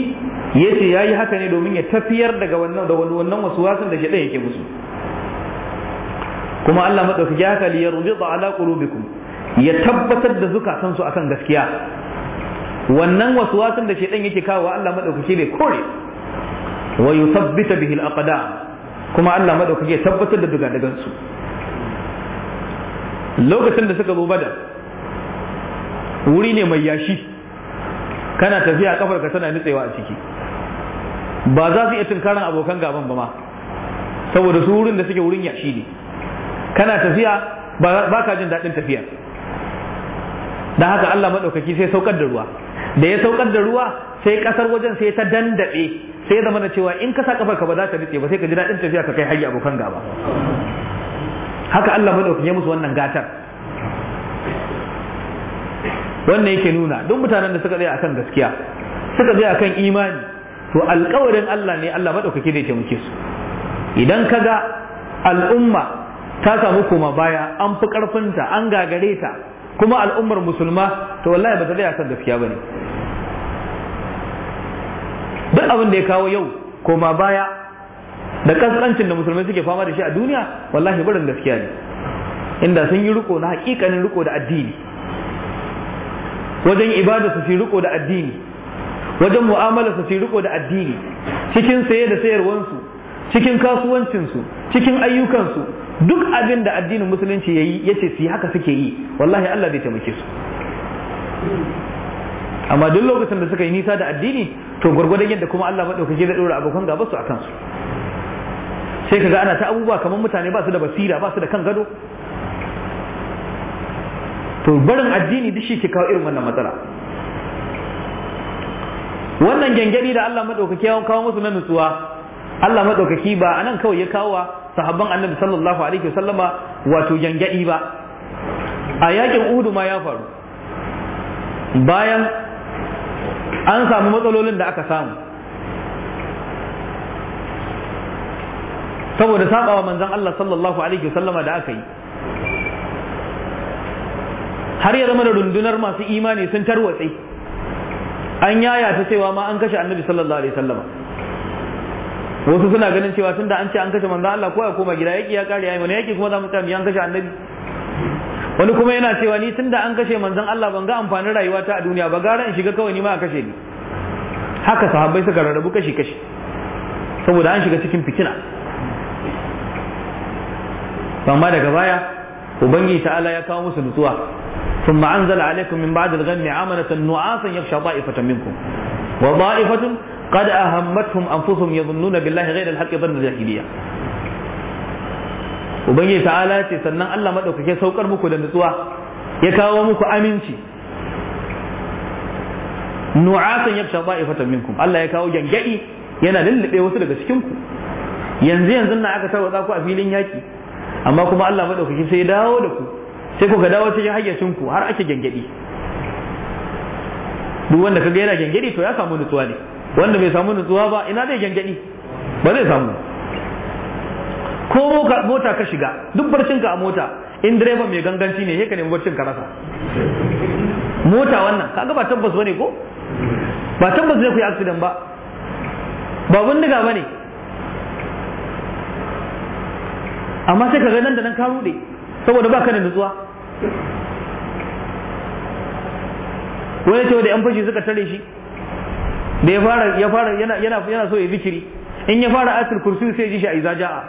madaukaki ya yi haka ne domin ya tafiyar daga wannan da wannan wasuwasin da shedan yake musu kuma Allah madaukaki haka li yarzuqa ala qulubikum ya tabbatar da zukatan su akan gaskiya wannan wasu wasan da shedan yake kawo Allah maɗaukaki bai kore wa yuthabbita bihi al-aqdam kuma Allah maɗaukaki ya tabbatar da dugadagan su lokacin da suka zo badar wuri ne mai yashi kana tafiya kafar ka tana nutsewa a ciki ba za su iya tunkaran abokan gaban ba ma saboda su wurin da suke wurin yashi ne kana tafiya ba ka jin daɗin tafiya da haka Allah maɗaukaki sai saukar da ruwa da ya saukar da ruwa sai ƙasar wajen sai ta dandaɓe sai zama na cewa in ka sa kafar ka ba za ta nutse ba sai ka ji daɗin tafiya ka kai hayya abokan gaba haka Allah maɗaukaki ya musu wannan gatar wannan yake nuna duk mutanen da suka tsaya akan gaskiya suka tsaya akan imani to alƙawarin Allah ne Allah madaukaki zai muke su idan kaga al'umma ta samu koma baya an fi karfinta an gagare ta kuma al'ummar musulma to wallahi ba ta tsaya akan gaskiya bane duk abin da ya kawo yau koma baya da kaskancin da musulmai suke fama da shi a duniya wallahi barin gaskiya ne inda sun yi riko na hakikanin riko da addini wajen ibada su riko da addini wajen mu'amala su riko da addini cikin saye da sayarwansu cikin kasuwancinsu cikin ayyukansu duk abin da addinin musulunci ya yi ya ce su haka suke yi wallahi Allah zai taimake su amma duk lokacin da suka yi nisa da addini to gwargwadon yadda kuma Allah maɗaukaki zai ɗora abokan gaba su a kansu sai kaga ana ta abubuwa kamar mutane ba su da basira ba su da kan gado to barin addini da shi ke kawo irin wannan matsala wannan gangani da Allah madaukaki ya kawo musu na nutsuwa Allah madaukaki ba anan kawai ya kawo wa sahabban Annabi sallallahu alaihi wasallama wato gangadi ba a yakin Uhud ma ya faru bayan an samu matsalolin da aka samu saboda sabawa manzon Allah sallallahu alaihi wasallama da aka yi har ya zama da rundunar masu imani sun tarwatse an yaya ta cewa ma an kashe annabi sallallahu alaihi sallama wasu suna ganin cewa tunda an ce an kashe manzo Allah ko ya koma gida yake ya kare yayi mana yake kuma za mu tsaya an kashe annabi wani kuma yana cewa ni tunda an kashe manzon Allah ban ga amfanin rayuwa ta a duniya ba gara in shiga kawai ni ma a kashe ni haka sahabbai suka rarrabu kashi kashi saboda an shiga cikin fitina amma daga baya ubangiji ta'ala ya kawo musu nutsuwa ثم أنزل عليكم من بعد الغم عاملة نعاسا يغشى طائفة منكم وطائفة قد أهمتهم أنفسهم يظنون بالله غير الحق ظن الجاهلية ubangiji ta'ala ce sannan Allah madaukake saukar muku da nutsuwa ya kawo muku aminci nu'asan yabsha da'ifatan minkum Allah ya kawo gangadi yana lullube wasu daga cikin ku yanzu yanzu na aka tarwatsa ku a filin yaki amma kuma Allah madaukake sai ya dawo da ku sai ku ga dawo cikin hayyacin ku har ake gengedi duk wanda kaga yana gengedi to ya samu nutsuwa ne wanda bai samu nutsuwa ba ina zai gengedi ba zai samu ko mota ka shiga duk barcinka a mota in direba mai ganganci ne ka nemi barcin ka rasa mota wannan kaga ba tabbas bane ko ba tabbas ne ku yi accident ba ba bindiga bane amma sai ka ga nan da nan ka rude saboda ba ka da nutsuwa wani cewa da yan fashi suka tare shi da ya fara ya fara yana yana so ya zikiri in ya fara asir kursi sai ya ji shi a izaja'a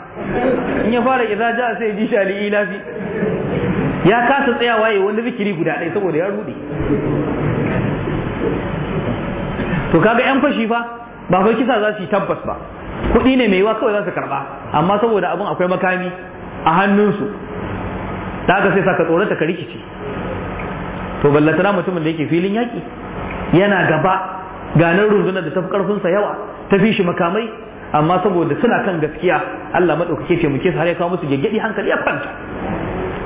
in ya fara izaja'a sai ya ji shi a li'ilafi ya kasa tsayawa ya wani zikiri guda ɗaya saboda ya rude to kaga yan fashi fa ba kai kisa za su yi tabbas ba kuɗi ne mai yiwa kawai za su karɓa amma saboda abin akwai makami a hannunsu da sai saka tsorata ka rikice to ballatana mutumin da yake filin yaki yana gaba ganin rundunar da tafi karfinsa yawa ta fi shi makamai amma saboda suna kan gaskiya Allah maɗaukake ce muke har ya kawo musu gaggadi hankali ya kwanta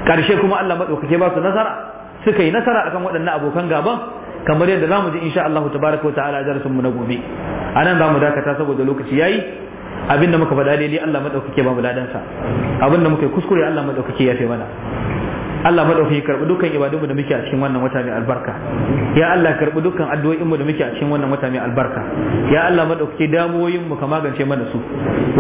karshe kuma Allah maɗaukake ba su nasara suka yi nasara akan waɗannan abokan gaban kamar yadda zamu ji insha Allah tabaraka wa ta'ala a darasin mu na gobe anan zamu dakata saboda lokaci yayi Abin da muka faɗa daidai Allah madaukake ba mu ladan abin da muka yi kuskure Allah madaukake ya fi mana Allah madaukake karbi dukkan ibadunmu da muke a cikin wannan wata mai albarka ya Allah karbi dukkan addu'o'inmu da muke a cikin wannan wata mai albarka ya Allah madaukake damuwoyin mu ka magance mana su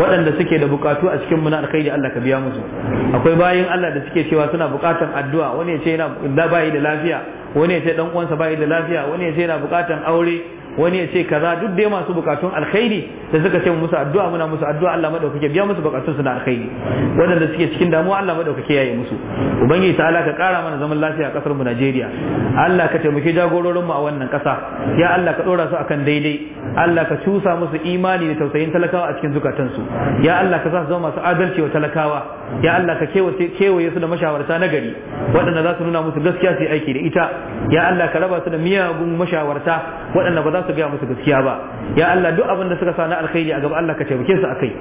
waɗanda suke da bukatu a cikin mu na alkhairi Allah ka biya musu akwai bayin Allah da suke cewa suna buƙatar addu'a wani ya ce yana da bayi da lafiya wani ya ce dan uwansa bayi da lafiya wani ya ce yana bukatan aure wani ya ce kaza duk dai masu bukatun alkhairi da suka ce musu addu'a muna musu addu'a Allah madaukake biya musu bukatun su na alkhairi wadanda suke cikin damuwa Allah madaukake yayi musu ubangiji ta'ala ka kara mana zaman lafiya a kasar mu Najeriya Allah ka taimake jagororin mu a wannan kasa ya Allah ka dora su akan daidai Allah ka cusa musu imani da tausayin talakawa a cikin zukatan su ya Allah ka sa su zama masu adalci wa talakawa ya Allah ka kewaye su da mashawarta na gari waɗanda za su nuna musu gaskiya su yi aiki da ita ya Allah ka raba su da miyagun mashawarta waɗanda ba za za su gaya musu gaskiya ba ya Allah duk abin da suka sa na alkhairi a gaba Allah ka taimake su akai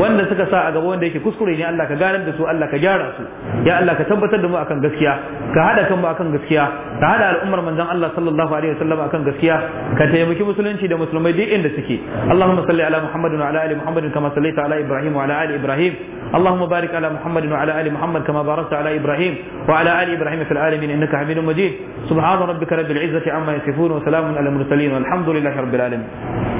wanda suka sa a gaba wanda yake kuskure ne Allah ka ganar da su Allah ka gyara su ya Allah ka tabbatar da mu akan gaskiya ka hada kan mu akan gaskiya ka hada al'ummar manzon Allah sallallahu alaihi wasallam akan gaskiya ka taimaki musulunci da musulmai duk inda suke Allahumma salli ala Muhammad wa ala ali Muhammad kama sallaita ala Ibrahim wa ala ali Ibrahim اللهم بارك على محمد وعلى ال محمد كما باركت على ابراهيم وعلى ال ابراهيم في العالمين انك حميد مجيد سبحان ربك رب العزه عما يصفون وسلام على المرسلين والحمد لله رب العالمين